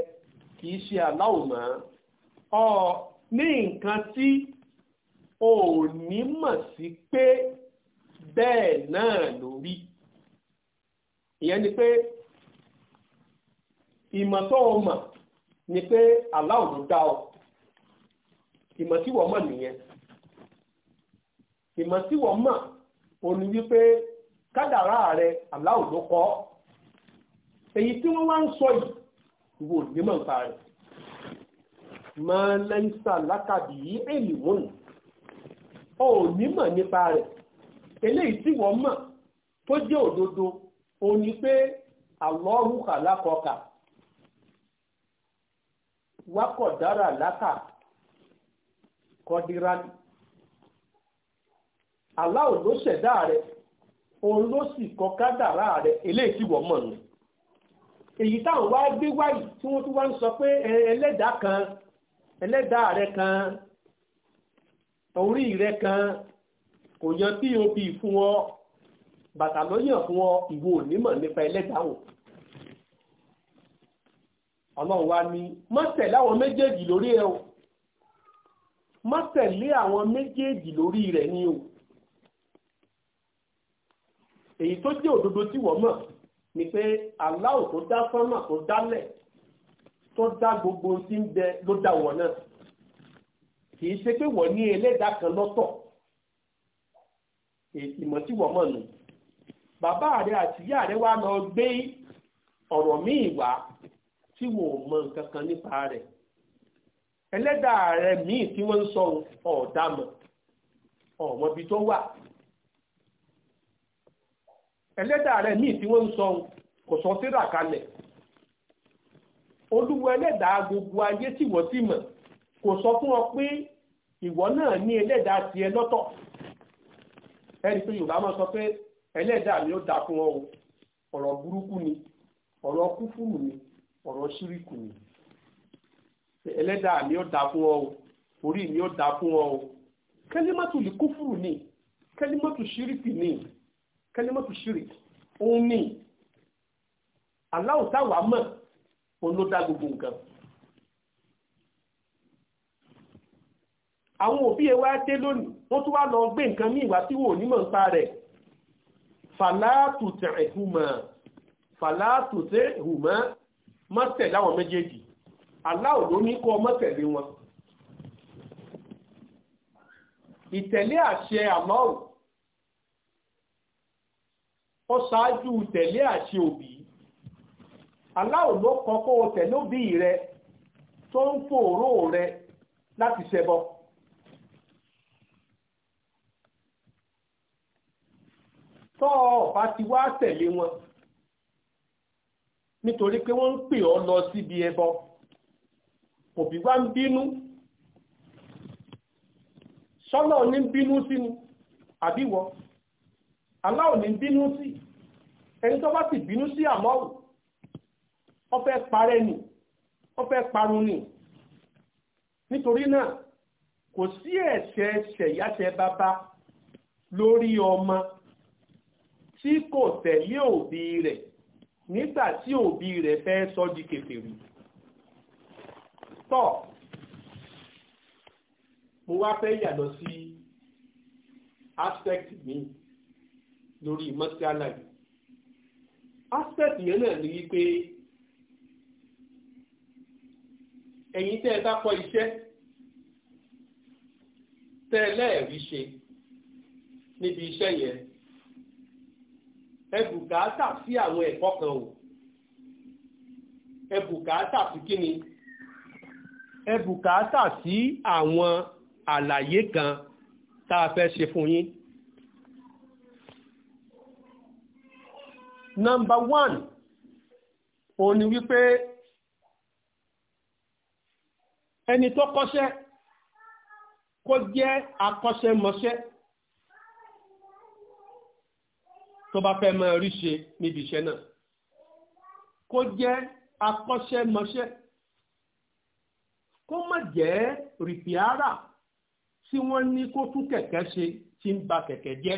kì í ṣe aláwo mọ́ ọ ní nǹkan tí o ò ní mọ̀ sí pé bẹ́ẹ̀ náà ló rí ìyẹn ni pé ìmọ̀ tó o mọ̀ ni pé aláwo ló dá ọ ìmọ̀ tí wọ́n mọ̀ nìyẹn ìmọ̀ tí wọ́n mọ̀ òní wípé kádàrá rẹ aláwọ̀ ló kọ́ èyí tí wọ́n wá ń sọ yìí ìwò onímọ̀ nípa rẹ̀ máa lẹ́yìnsà lákàbí èlì múnà onímọ̀ nípa rẹ̀ eléyìí tí wọ́n mọ̀ tó jẹ́ òdodo òní pé àlọ́rùkà lákọ̀ọ́kà wákọ̀ dára kọ́dírán aláwo ló ṣẹ̀dá rẹ̀ òun ló sì kọ kádàrá rẹ̀ eléyìí tí wọ́n mọ̀ nù èyí táwọn wá gbé wáyì tí wọ́n tún wá ń sọ pé ẹlẹ́dàá kan ẹlẹ́dàá rẹ̀ kan orí rẹ̀ kan kò yan pop fún ọ bàtà ló yàn fún ọ ìwọ onímọ̀ nípa ẹlẹ́dàá wò ọlọ́run wá ni mọ́tẹ̀ láwọn méjèèjì lórí ẹ o. má tẹ̀lé àwọn méjèèjì lórí rẹ̀ ni o èyí tó jẹ́ òdodo tí wọ́n mọ̀ ni pé Allah tó dá sánmà tó dálẹ̀ tó dá gbogbo tí ń bẹ ló dá wọn náà kì í ṣe pé wọ́n ní ẹlẹ́dàá kan lọ́tọ̀ ìmọ̀ tí wọ́n mọ̀ nù bàbá rẹ̀ àti ìyá rẹ̀ wá lọ gbé ọ̀rọ̀ míì wá tí wọn mọ nǹkan kan nípa rẹ̀ ẹlẹ́dàá rẹ míì tí wọ́n ń sọ ọ̀dàmọ̀ ọ̀mọ ibi tó wà ẹlẹ́dàá rẹ míì tí wọ́n ń sọ kò sọ sí ràkalẹ̀ olúwa ẹlẹ́dàá gbogbo ayé tí wọ́n ti mọ̀ kò sọ fún ọ pé ìwọ náà ní ẹlẹ́dàá tiẹ̀ lọ́tọ̀ ẹni pé yorùbá máa sọ pé ẹlẹ́dàá mi ó da fún ọ o ọ̀rọ̀ burúkú ni ọ̀rọ̀ kúfùrù ni ọ̀rọ̀ ṣíríkù ni ẹlẹ́dàá mi ó dá fún ọ orí mi ó dá fún ọ kẹlímọ́tò lè kúfùrù ni kẹlímọ́tò ṣíríkì ni kẹlímọ́tò ṣíríkì òun ni aláwọ̀ táwa mọ̀ òun ló dá gbogbo nǹkan. àwọn òbí ẹ wá dé lónìí wọ́n tún wá lọ gbé nǹkan ní ìwà tí wò ní mọ̀ nípa rẹ̀ fàlátùtẹ̀ hùmọ̀ fàlátùtẹ̀ hùmọ̀ mọ́tẹ̀ láwọn méjèèjì Allah ló ní kó ọmọ tẹ̀lé wọn ìtẹ̀lé àṣẹ Allah ó ṣáájú tẹ̀lé àṣẹ òbí ló kọ kó o rẹ tó ń fòró rẹ láti ṣẹbọ. tọ́ ọba ti wá tẹ̀lé wọn nítorí pé wọ́n ń pè ọ́ lọ síbi ẹbọ. òbí wa ń bínú sọ́nà ní bínú sí ni àbíwọ aláwọ̀ ní bínú sí ẹni tó bá sì bínú sí àmọ́wò ó fẹ́ parẹ́ ni ó fẹ́ parun ni nítorí náà kò sí ẹ̀ṣẹ̀ ṣẹ̀yáṣẹ́ bàbá lórí ọmọ tí kò tẹ̀lé òbí rẹ̀ nígbà tí òbí rẹ̀ fẹ́ sọ di kèfèrí tọ̀ mo wá fẹ́ yà sí aspect mi lórí mọ́sálà yìí aspect yẹn náà ni wípé ẹ̀yin tẹ́ ẹ bá kọ iṣẹ́ tẹ́ ẹ lẹ́ẹ̀rí ṣe níbi iṣẹ́ yẹn ẹ bùkátà sí àwọn ẹ̀kọ́ kan o ẹ bùkátà sí kíni ẹ bùkátà sí àwọn àlàyé kan tá a fẹ́ ṣe fún yín. Number one, ó ní wípé ẹni tó kọ́ṣẹ́ kó jẹ́ akọ́ṣẹ́mọṣẹ́ tó bá fẹ́ máa rí ṣe níbi iṣẹ́ náà kó jẹ́ akọ́ṣẹ́mọṣẹ́ kó má jẹ́ rìpíárà tí wọ́n ní kó tún kẹ̀kẹ́ ṣe tí ń ba kẹ̀kẹ́ jẹ́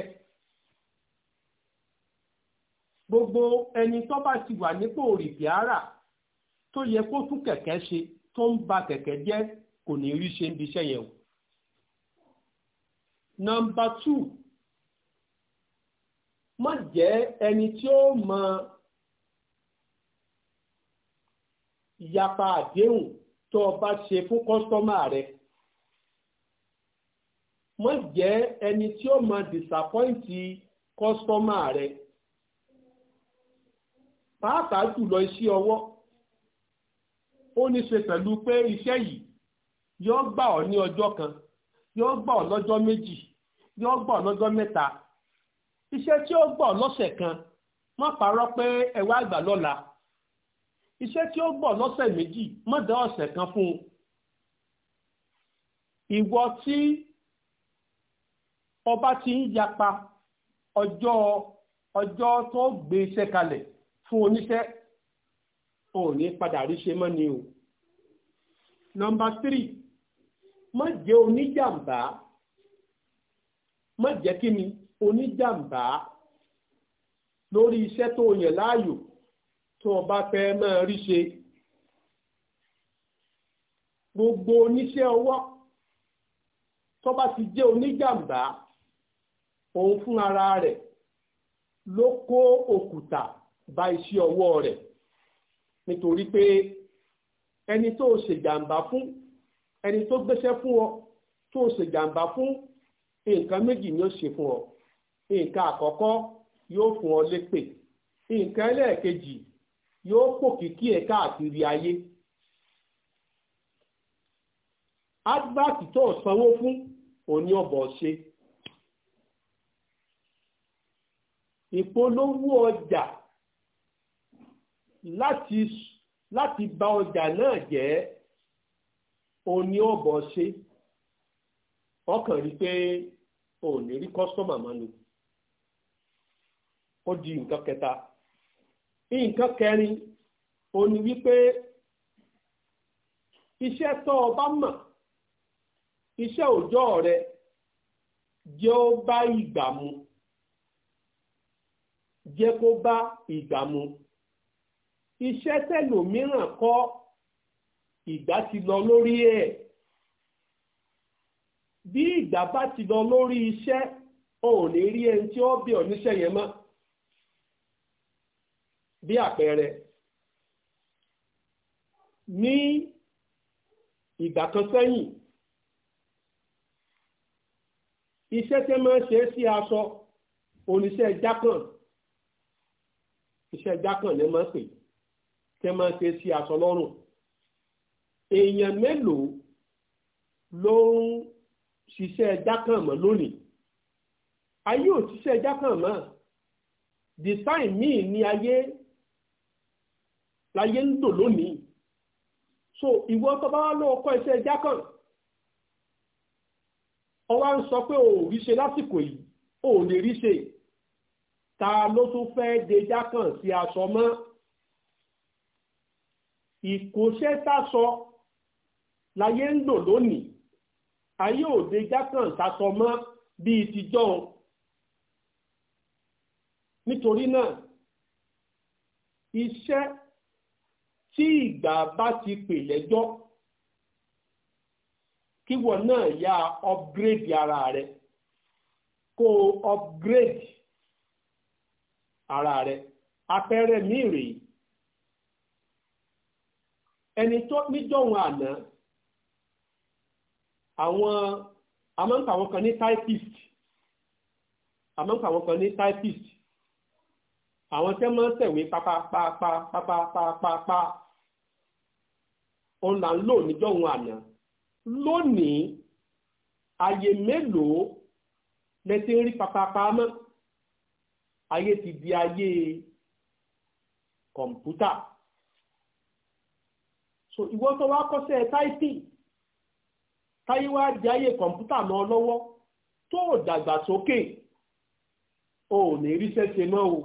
gbogbo ẹni tó bá ti wà nípò rìpíárà tó yẹ kó tún kẹ̀kẹ́ ṣe tó ń ba kẹ̀kẹ́ jẹ́ kò ní rí ṣe ń biṣẹ́ yẹn o. nọ́mbà two má jẹ́ ẹni tí ó mọ ìyapa àdéhùn tó o bá ṣe fún kọ́sítọ́mà rẹ má jẹ́ ẹni tí ó máa dìsàpọ́ìntì kọ́sítọ́mà rẹ pàápàá jùlọ iṣẹ́ ọwọ́ ó ní ṣe pẹ̀lú pé iṣẹ́ yìí yóò gbà ọ́ ní ọjọ́ kan yóò gbà ọ́ lọ́jọ́ méjì yóò gbà ọ́ lọ́jọ́ mẹ́ta iṣẹ́ tí ó gbà ọ́ lọ́sẹ̀ kan má parọ́ pé ẹ̀wá àgbà lọ́la iṣẹ́ tí ó gbọ́ lọ́sẹ̀ méjì mọ́dá ọ̀sẹ̀ kan fún un ìwọ tí ọba ti ń yapa ọjọ́ ọjọ́ tó gbé iṣẹ́ kalẹ̀ fún oníṣẹ́ ò ní padà ríṣe mọ́ ni o nọmba tírì má jẹ́ oníjàmbá má jẹ́ kí ni oníjàmbá lórí iṣẹ́ tó yàn láàyò tó o bá fẹ́ máa rí ṣe gbogbo oníṣẹ́ ọwọ́ tó bá ti jẹ́ oníjàmbá òun fún ara rẹ̀ ló kó òkúta bá iṣẹ́ ọwọ́ rẹ̀ nítorí pé ẹni tó o ṣèjàmbá fún ẹni tó gbéṣẹ́ fún ọ tó o ṣèjàmbá fún nǹkan méjì ni ó ṣe fún ọ nǹkan àkọ́kọ́ yóò fún ọ lépè nǹkan ẹlẹ́ẹ̀kejì yóò pò kìkì ẹ̀ káàkiri ayé advert tó sanwó fún òní ọ̀bọ̀ ṣe ìpolówó ọjà láti láti bà ọjà náà jẹ́ òní ọ̀bọ̀ ṣe ọkàn rí pé òní rí kọ́sọ́mà mọ́nu ó di nǹkan kẹta. nǹkan kẹrin ó ní wípé iṣẹ́ tó o bá mọ̀ iṣẹ́ òòjọ́ rẹ jẹ́ ó bá ìgbà mu jẹ́ kó bá ìgbà mu iṣẹ́ tẹlòmíràn kọ́ ìgbà ti lọ lórí ẹ̀ bí ìgbà bá ti lọ lórí iṣẹ́ o ò ní rí ẹni tí ó bí oníṣẹ́ yẹn mọ́. bí àpẹẹrẹ ní ìgbà kan sẹ́yìn iṣẹ́ tẹ́ máa ń ṣe sí aṣọ oníṣẹ́ jákàn iṣẹ́ jákàn lẹ́ máa ń pè tẹ́ máa ń ṣe sí aṣọ lọ́rùn èèyàn mélòó ló ń ṣiṣẹ́ jákàn mọ́ lónìí ayé ò ṣiṣẹ́ jákàn mọ́ design míì ní ayé láyé ń dò lónìí so ìwọ tọba lọ kọ́ iṣẹ́ jákàn ọwá ń sọ pé ò rí ṣe lásìkò yìí ò lè rí ṣe ta ló tún fẹ́ de jákàn sí aṣọ mọ́ ìkóṣẹ́ tásọ láyé ń dò lónìí ayé òde jákàn sásọ mọ́ bíi tijọ́ nítorí náà iṣẹ́ tí ìgbà bá ti pè lẹ́jọ́ kíwọ náà yá upgrade ara rẹ kó upgrade ara rẹ àpẹẹrẹ mi rèé ẹni tó níjọ̀hún àná àwọn amọ́ǹkà àwọn kan ní typist amọ́ǹkà àwọn kan ní typist àwọn tẹ́ máa ń tẹ̀wé pápápápápápápápá. òun là ń àná lónìí ayé mélòó lẹ ti ń rí papapamọ́ ayé ti di ayé kọ̀ǹpútà so ìwọ tó wá kọ́ṣẹ́ táìpì táyé wá di ayé kọ̀ǹpútà mọ́ lọ́wọ́ tó dàgbà o ò ní ríṣẹ́ ṣe mọ́ o.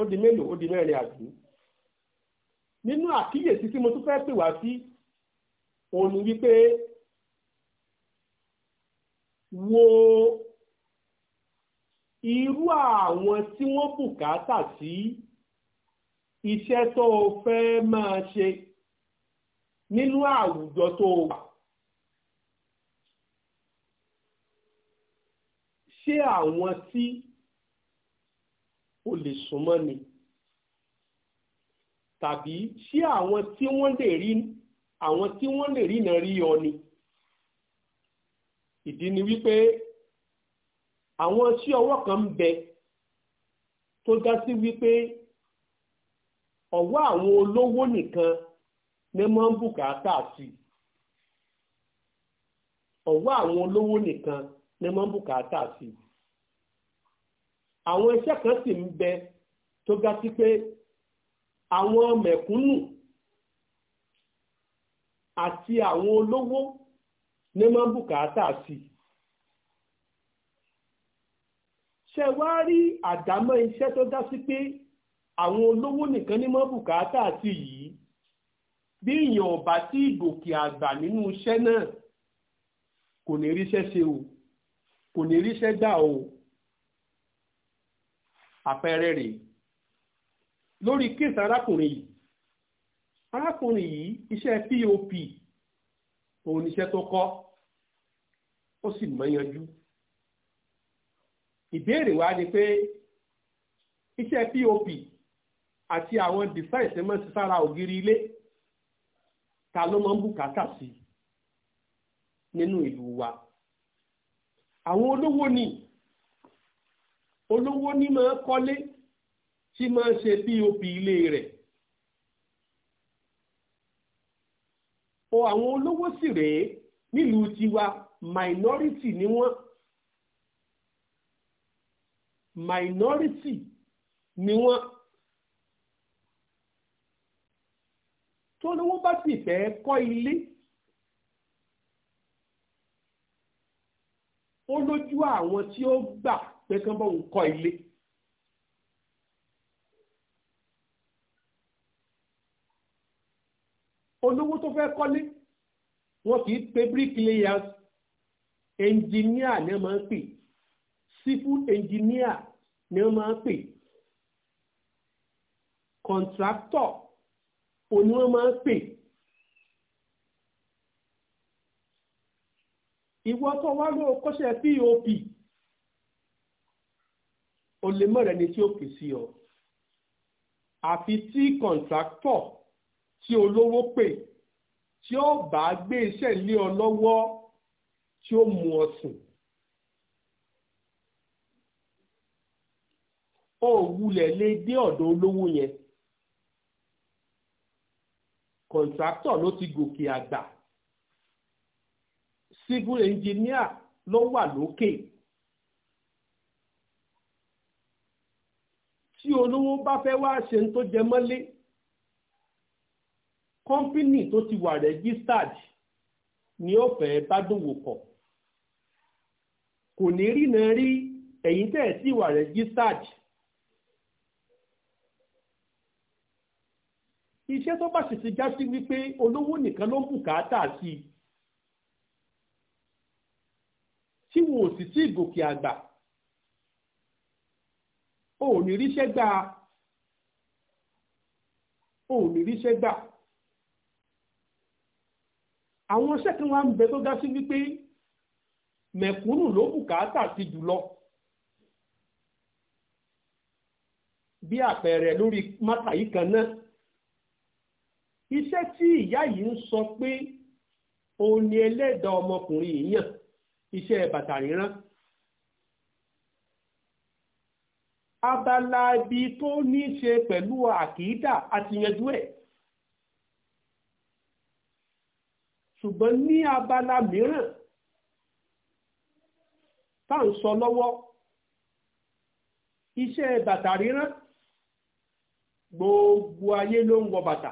ó di mélòó ó di mẹ́rin àdúgbò nínú àkíyèsí tí mo tún fẹ́ pè wá sí òun ni wípé wo irú àwọn tí wọ́n bùkátà sí iṣẹ́ tó o fẹ́ máa ṣe nínú àwùjọ tó o wà. ṣé àwọn tí o lè súnmọ́ ni tàbí ṣé àwọn tí wọ́n lè rí àwọn tí wọ́n lè rìnà rí ọ ni ìdí ni wípé àwọn tí ọwọ́ kan ń bẹ tó dá sí wípé ọwọ́ àwọn olówó nìkan ní máa ń bùkátà sí ọwọ́ àwọn olówó nìkan ní máa ń bùkátà sí àwọn iṣẹ́ kan sì ń bẹ tó dá sí pé àwọn mẹ̀kúnnù àti àwọn olówó ní máa ń bùkátà sí i. ṣe wá rí àdámọ́ iṣẹ́ tó dá sí pé àwọn olówó nìkan ní máa ń bùkátà sí yìí bí èèyàn ò tí ìgòkè àgbà nínú iṣẹ́ náà kò ní ríṣẹ́ ṣe o kò ní ríṣẹ́ gbà o àpẹẹrẹ rèé lórí kéèsì arákùnrin yìí arákùnrin yìí iṣẹ́ pop òun níṣẹ́ tó kọ́ ó sì mọ̀yanjú ìbéèrè wa ni pé iṣẹ́ pop àti àwọn design ṣe máa ń ṣe sára ògiri ilé ta ló máa ń bùkátà sí nínú ìlú wa àwọn olówó ni olówó ni máa kọ́lé tí máa ń ṣe pop ilé rẹ̀ o àwọn olówó sì rèé nílùú tiwa minority ni wọ́n minority ni wọ́n tó lówó bá sì fẹ́ kọ́ ilé ó lójú àwọn tí ó gbà pé kán bá òun kọ́ ilé. olówó tó fẹ́ kọ́lé wọn kì í pe bricklayers engineer ni wọ́n máa ń pè civil engineer ni wọ́n máa ń pè contractor òní wọ́n máa ń pè. ìwọ tó wá ló kọ́ṣẹ́ pop o lè mọ̀ tí ó pè ọ àfi tí contractor tí olówó pè tí ó bá gbé iṣẹ́ lé ọ lọ́wọ́ tí ó mú ọ sùn. ó wulẹ̀ lé dé ọ̀dọ̀ olówó yẹn kọ̀ǹtráktọ̀ ló ti gòkè àgbà civil engineer ló wà lókè tí olówó bá fẹ́ wá ṣe ń tó jẹ mọ́lé kọ́ńpínì tó ti wà registered ni ó fẹ́ bá dòwò pọ̀ kò ní rí na rí ẹ̀yin tẹ́ ẹ̀ sì wà registered iṣẹ́ tó bá sì ti já sí wípé olówó nìkan ló ń bùkátà sí i tí wọn ò sì sí ìgòkè àgbà ò ní ríṣẹ́ gbà ò ní ríṣẹ́ gbà àwọn iṣẹ́ kan wá ń bẹ tó dá sí wípé mẹ̀kúnnù ló bùkátà sí jùlọ bí àpẹẹrẹ lórí mátà yìí kan náà iṣẹ́ tí ìyá yìí ń sọ pé òun ni ẹlẹ́dàá ọmọkùnrin yìí iṣẹ́ bàtà rírán abala ibi tó ní ṣe pẹ̀lú àkìídà àti yanjú ẹ̀ ṣùgbọ́n ní abala mìíràn tá à ń sọ lọ́wọ́ iṣẹ́ bàtà rírán gbogbo ayé ló ń wọ bàtà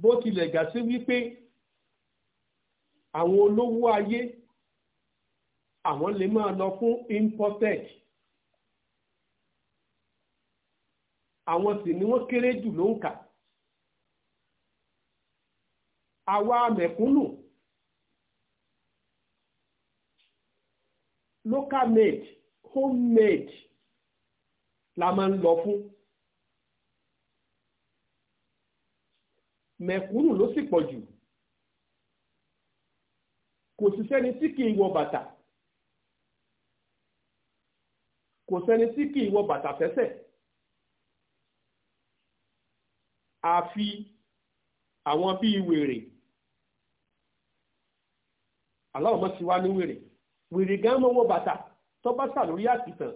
bó tilẹ̀ gà sí wípé àwọn olówó ayé àwọn lè máa lọ fún importec àwọn sì ni wọ́n kéré jù ló ń kà àwa mẹ̀kúnnù local made homemade la máa ń lọ fún mẹ̀kúnnù ló sì pọ̀ jù kò sì sẹ́ni tí kì í wọ bàtà kò sẹ́ni tí kì í wọ bàtà fẹ́sẹ̀ àfi àwọn bíi wèrè aláwọ̀ mọ́ ti wá ní wèrè wèrè gan mọ́ wọ bàtà tó bá sà lórí àkìtàn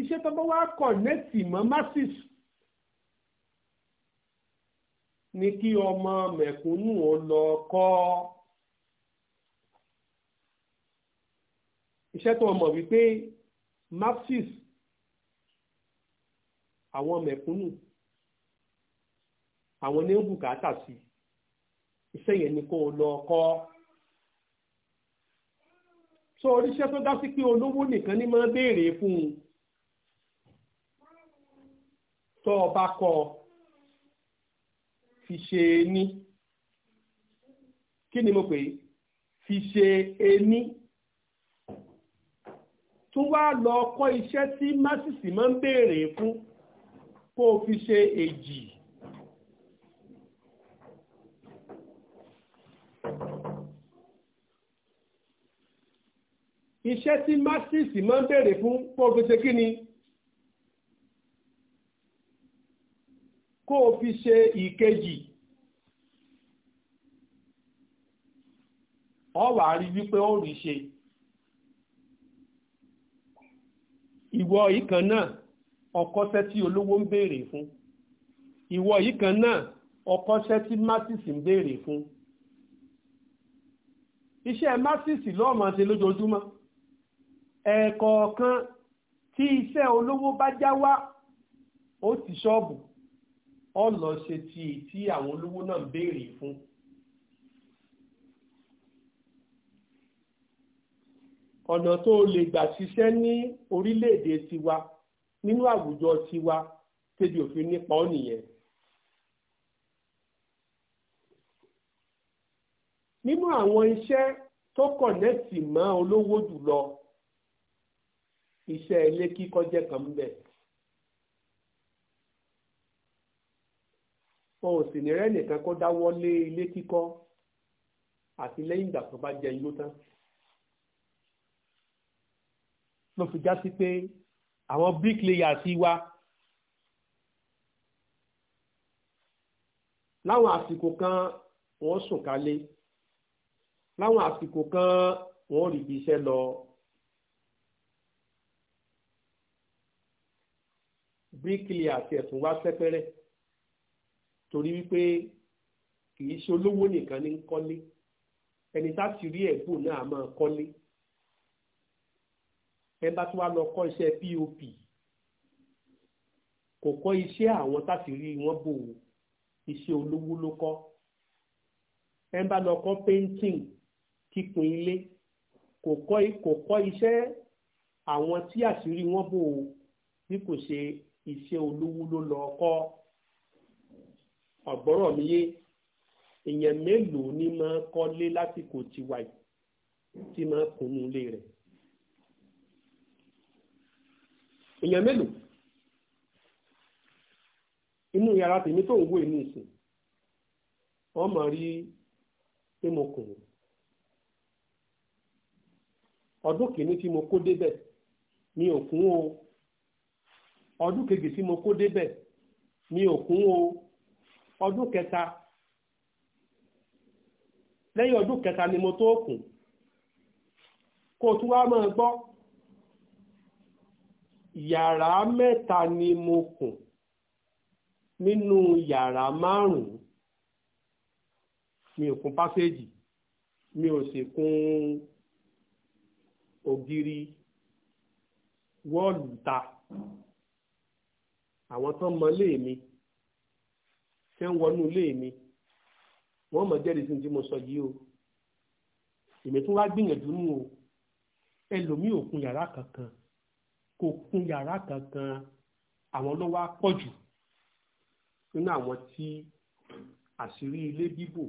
iṣẹ́ tó bá wá kọ̀nẹ́tì mọ́ masis ní kí ọmọ mẹ̀kúnnù ó lọ kọ́ iṣẹ́ tó mọ̀ wípé masis àwọn mẹ̀kúnnù àwọn ní bùkátà sí iṣẹ́ yẹn ni kó lọ kọ́ so oríṣẹ́ tó dá sí pé olówó nìkan ní máa béèrè fún un tó o bá fi ṣe ní kí ni mo pè é fi ṣe é ní tún wá lọ kọ́ iṣẹ́ tí másìsì máa ń béèrè fún kó o fi ṣe èjì. E iṣẹ́ tí masters máa ń bèrè fún kó o fi ṣe kí ni kó o fi ṣe ìkejì ọ wà á rí wípé ó rí ṣe ìwọ yìí kan náà ọkọṣẹ́ tí olówó ń bèrè fún ìwọ yìí kan náà ọkọṣẹ́ tí masters ń bèrè fún iṣẹ́ masters lọ́ọ̀mọ́ ṣe lójoojúmọ́ ẹ̀ẹ̀kọ̀ọ̀kan tí iṣẹ́ olówó bá já wá ó ti ṣọ́ọ̀bù ó lọ ṣe ti tí àwọn olówó náà ń béèrè fún. ọ̀nà tó o lè gbà ṣiṣẹ́ ní orílẹ̀-èdè tiwa nínú àwùjọ tiwa tẹ́bi òfin nípa ọ́ nìyẹn. nínú àwọn iṣẹ́ tó kọ̀nẹ́tì mọ́ olówó jùlọ iṣẹ́ ilé kíkọ́ jẹ́ kan ń bẹ̀. o ò sì ní rẹ́ nìkan kó dáwọ́ lé ilé kíkọ́ àti lẹ́yìn ìgbà tó bá jẹ igbó tán. ló fi já sí pé àwọn bíríkìlẹ́yà sí wa láwọn àsìkò kan wọ́n sùn kálé láwọn àsìkò kan wọ́n rí ibi iṣẹ́ lọ bíríkìlì àti ẹ̀tún wá sẹ́pẹ́rẹ́ torí wípé kì í ṣe olówó nìkan ní kọ́lé ẹni tá sì rí ẹ̀bù náà máa kọ́lé ẹ bá tí wàá lọ kọ́ iṣẹ́ pop kò kọ́ iṣẹ́ àwọn tá sì rí wọn bò ó iṣẹ́ olówó ló kọ́ ẹ bá lọ kọ́ painting kíkun ilé kò kọ́ iṣẹ́ àwọn tí àṣírí wọn bò ó bí kò ṣe iṣẹ́ olówó ló lọ kọ́ ọ̀gbọ́rọ̀ mi yé èèyàn mélòó ni máa kọ́lé lásìkò tiwa yìí tí máa kùnú ilé rẹ̀ èèyàn mélòó inú yàrá tèmi tó ń wó inú ìsìn wọ́n mọ̀ rí pé mo kùnú ọdún kìíní tí mo kó débẹ̀ mi ò kún o ọdún kejì tí mo kó débẹ̀ mi ò o ọdún kẹta lẹ́yìn ọdún kẹta ni mo tó kùn kó o tún wá máa gbọ́ yàrá mẹ́ta ni mo kùn nínú yàrá márùn-ún mi ò kùn páséjì mi ò sì kùn ògiri wọ́ọ̀lù ta àwọn tó mọ ilé mi ṣé ń wọnú ilé mi wọ́n mọ̀ jẹ́rìí sí ti mo sọ yìí o èmi tún wá gbìyànjú nù o ẹlòmíì ò kun yàrá kankan kò kun yàrá kankan àwọn ló wá pọ̀ jù nínú àwọn tí àṣírí ilé bíbò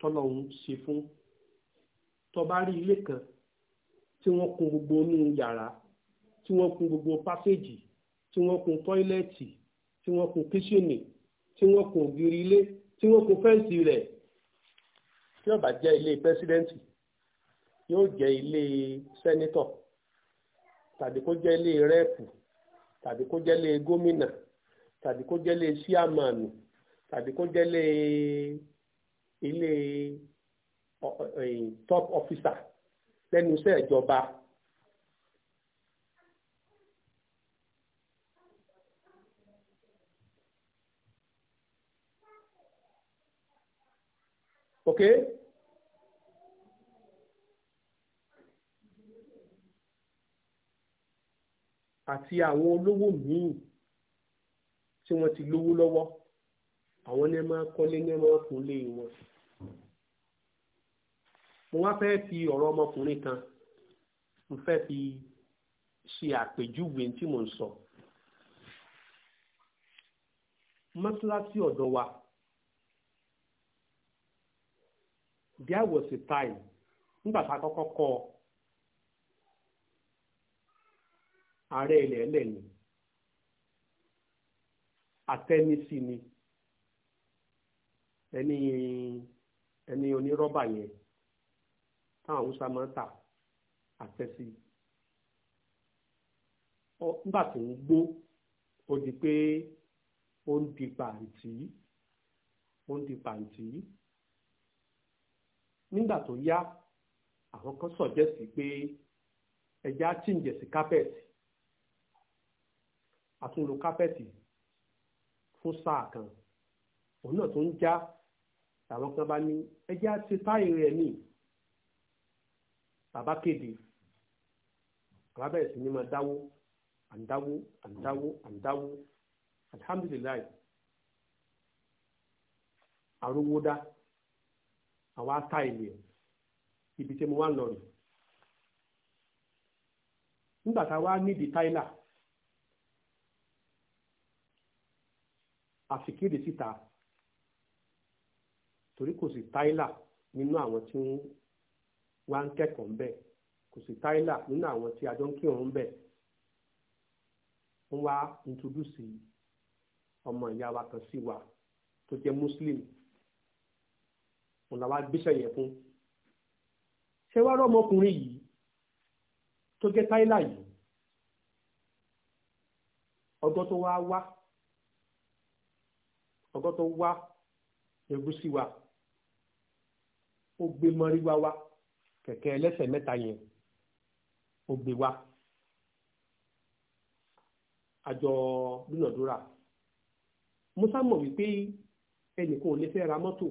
tọ́lọ́hún ṣe fún tó rí ilé kan tí wọ́n kun gbogbo inú yàrá tí wọ́n kun gbogbo páséjì tí wọ́n kun tọ́ílẹ̀tì tí wọ́n kun kíṣìnì tí wọ́n kun ògiri ilé tí wọ́n kun fẹ́ǹsì rẹ̀ tí ó bá jẹ́ ilé pẹ́sidẹ́ǹtì yóò jẹ́ ilé sẹ́nítọ̀ tàbí kó jẹ́ ilé rẹ́ẹ̀pù tàbí kó jẹ́ ilé gómìnà tàbí kó jẹ́ ilé síàmánù tàbí kó jẹ́ ilé ilé top officer lẹ́nu iṣẹ́ ìjọba. Ok, àti àwọn olówó míì tí wọ́n ti lówó lọ́wọ́ àwọn ní máa kọ́lé ní máa kún lé wọn. mo wá fẹ́ fi ọ̀rọ̀ ọmọkùnrin kan mo fẹ́ fi ṣe àpèjúwe tí mò ń sọ. mọ́ṣáláṣí ọ̀dọ̀ wa. there was a time nígbà tá a kọ́kọ́ ààrẹ ilẹ̀ ẹlẹ́ni àtẹnisí ni ẹni ẹni onírọ́bà yẹn táwọn haúsá máa ń tà àtẹ́sí nígbà tó ń gbó ó di pé ó ń nígbà tó yá àwọn kan si pé ẹja chíǹjẹ̀ sí kápẹ́ẹ̀tì àtúnlò kápẹ́ẹ̀tì fún sáà kan òun náà tó ń já kan bá ní ẹja ti táyì rẹ̀ ní bàbá kéde bàbá dáwó àwa ta ìlú ibi tí mo wá ń lọ rè nígbà tá a wá nídìí táìlà a fi kéde síta torí kò sí táìlà nínú àwọn tí wọ́n ń kẹ́kọ̀ọ́ ń kò sí táìlà nínú àwọn tí àjọ ń kírun ń bẹ̀ wọ́n wá introduce ọmọ ìyá wa kan sí wa tó jẹ́ muslim òun làwa gbéṣẹ́ yẹn fún ṣé wàá rọ ọmọkùnrin yìí tó jẹ́ táìlà yìí ọgọ́ tó wá wá ọgọ́ tó wá ẹ̀gúsí wa ó gbé mọ́rí wá wá kẹ̀kẹ́ ẹlẹ́sẹ̀ mẹ́ta yẹn ó gbé wá àjọ dúnàdúrà musa mọ̀ wípé ẹnìkan ò lè fẹ́ ra mọ́tò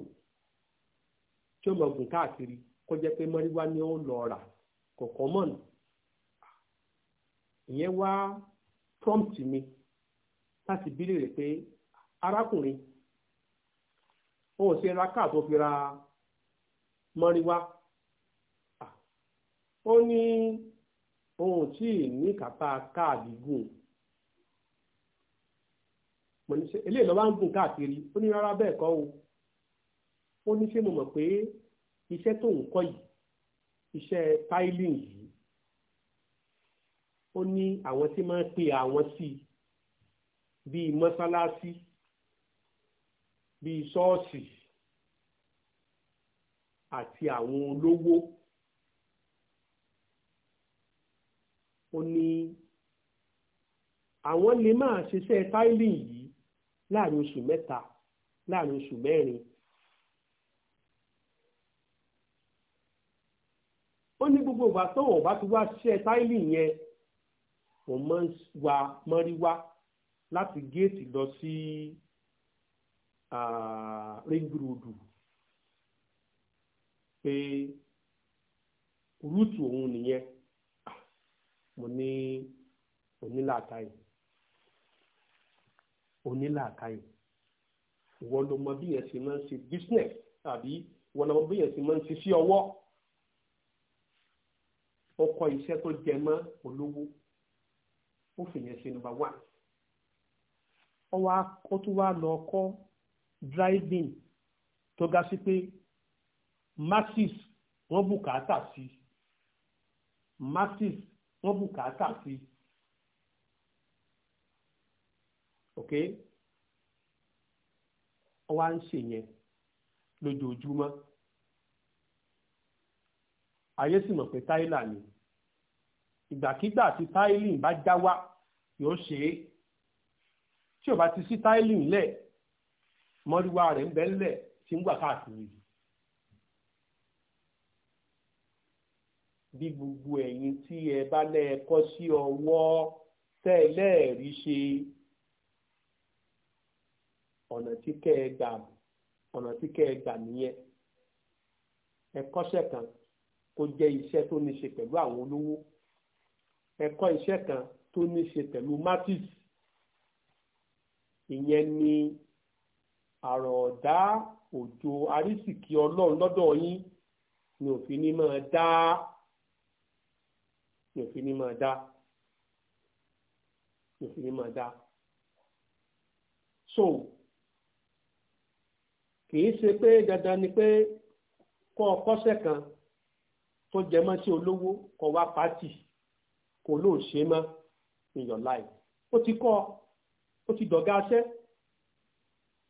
tí ó mọ gùn káàkiri kó pé ni ó lọ rà kọ̀ọ̀kan mọ̀ nù ìyẹn wá prompt mi láti bílẹ̀ pé arákùnrin ó ṣe ra káà tó fi ra mọ́ríwá ó ní ohun tí ní kàtà káàdì gùn mo ní ṣe eléyìí lọ́wọ́ ń gùn káàkiri ó ní rárá o. ó ní ṣé mo mọ̀ pé iṣẹ́ tó ń kọ́ yìí iṣẹ́ tiling yìí ó ní àwọn tí máa ń pe àwọn sí bíi mọ́sálásí bíi ṣọ́ọ̀ṣì àti àwọn olówó ó ní àwọn lè máa ṣiṣẹ́ tiling yìí láàrin oṣù mẹ́ta láàrin oṣù mẹ́rin gbogbo ìgbà tó wọ́n bá ti wá ṣẹ́ táìlì yẹn wọ́n máa ń wa mọ́ríwá láti géètì lọ sí ringirodu pé rúùtù òun nìyẹn mo ní onílàákàyè onílàákàyè ìwọ ló mọ bí yẹn ti máa ń ṣe business àbí ìwọ ló mọ bí yẹn ti máa ń ṣe sí ọwọ́ ó kọ́ iṣẹ́ tó jẹ mọ́ olówó ó fìyẹn ṣe nọ́mbà one ó tún wá lọ kọ́ driving tó ga sí pé masses wọ́n bùkátà sí masses wọ́n bùkátà sí ok ó wá ń ṣèyẹn lójoojúmọ́ ayé sì mọ̀ pé táìlà ni ìgbàkigbà tí táìlì bá já wá yóò ṣe é tí ò bá ti sí táìlì ńlẹ̀ mọ́ríwá rẹ̀ ń bẹ ńlẹ̀ tí ń wà káàkiri bí gbogbo ẹ̀yin tí ẹ bá lẹ́ẹ̀kọ́ sí ọwọ́ tẹ́lẹ̀ rí ṣe ọ̀nà tí kẹ́ ẹ gbà ọ̀nà tí kẹ́ ẹ gbà nìyẹn ẹ kọ́ṣẹ́ kan kó jẹ́ iṣẹ́ tó ní ṣe pẹ̀lú àwọn olówó ẹ kọ́ iṣẹ́ kan tó ní ṣe pẹ̀lú matis ìyẹn ni àròdá òjò arísìkí ọlọ́run lọ́dọ̀ yín ni òfin ní máa dá ni òfin ní máa dá ni òfin ní máa dá so kì í ṣe pé dandan ni pé kọ́ ọ kọ́ṣẹ́ kan tó jẹ mọ́ sí olówó kọ wá pàtì kò lóò ṣe mọ́ in your life ó ti kọ́ ó ti dọ̀gá aṣẹ́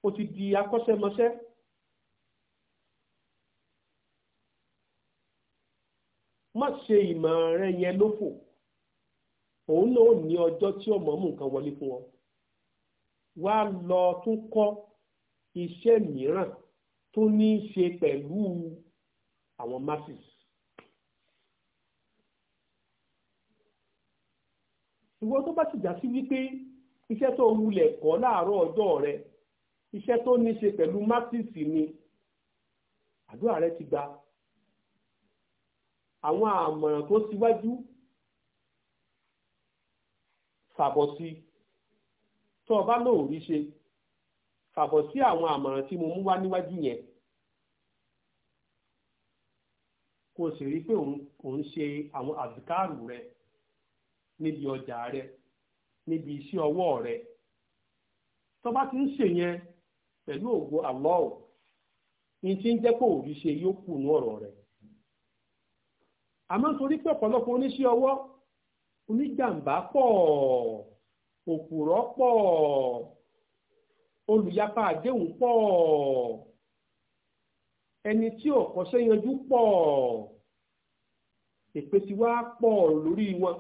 ó ti di akọ́ṣẹ́mọṣẹ́. má ṣe ìmọ̀ rẹ yẹn lófò òun náà ní ọjọ́ tí ọmọ mú nǹkan wọlé fún ọ wá lọ tún kọ́ iṣẹ́ mìíràn tó ní í ṣe pẹ̀lú àwọn masses ìwọ tó bá ti já sí wípé iṣẹ́ tó wulẹ̀ kọ́ láàárọ̀ ọjọ́ rẹ iṣẹ́ tó ní ṣe pẹ̀lú mátìsì ni àdúrà rẹ ti gba àwọn àmọ̀ràn tó síwájú fàbọ̀ sí tó o bá lóòrí ṣe fàbọ̀ sí àwọn àmọ̀ràn tí mo mú wá níwájú yẹn kó o sì rí i pé òun ṣe àwọn àbíkáàrù rẹ̀ níbi ọjà rẹ níbi iṣẹ́ ọwọ́ rẹ tó bá ti ń ṣèyẹn pẹ̀lú ògo Allah ní ti ń jẹ́ pé òrìṣe yóò kù ní ọ̀rọ̀ rẹ̀ àmọ́ torí pé ọ̀pọ̀lọpọ̀ oníṣẹ́ ọwọ́ oníjàǹbá pọ̀ òpùrọ́ pọ̀ olùyapa àdéhùn pọ̀ ẹni tí ò kọ́ṣẹ́ yanjú pọ̀ èpè tí wá pọ̀ lórí wọn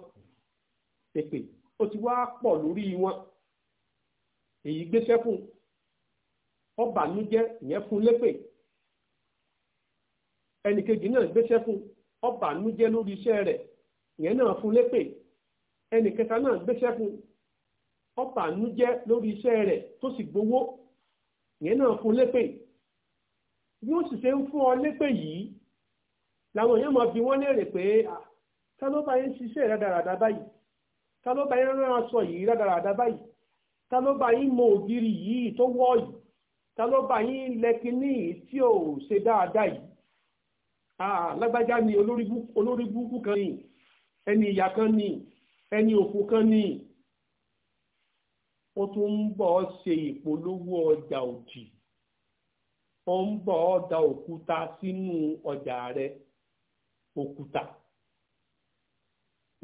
èpè ó ti wá pọ̀ lórí wọn èyí gbéṣẹ́ fún ọbànújẹ́ ìyẹn fún lépè ẹnìkejì náà gbéṣẹ́ fún ọbànújẹ́ lórí iṣẹ́ rẹ̀ ìyẹn náà fún lépè ẹnìkẹta náà gbéṣẹ́ fún ọbànújẹ́ lórí iṣẹ́ rẹ̀ tó sì gbowó ìyẹn náà fún lépè bí ó sì ṣe ń fún ọ lépè yìí làwọn èèyàn máa bi wọ́n léèrè pé ta ló bá ṣiṣẹ́ rẹ̀ dáradára báyìí ta ló bá yín rán aṣọ yìí rádaràdá báyìí ta ló bá yín mọ ògiri yìí tó wọ́ yìí ta ló bá yín lẹ́kìnní tí ò ṣe dáadáa yìí lágbájá ni olórí kan ni ẹni ìyà kan ni ẹni òfò kan ni ó tún ń bọ̀ ọ́ ṣe ìpolówó ọjà òdì ó ń bọ̀ ọ́ da òkúta sínú ọjà rẹ òkúta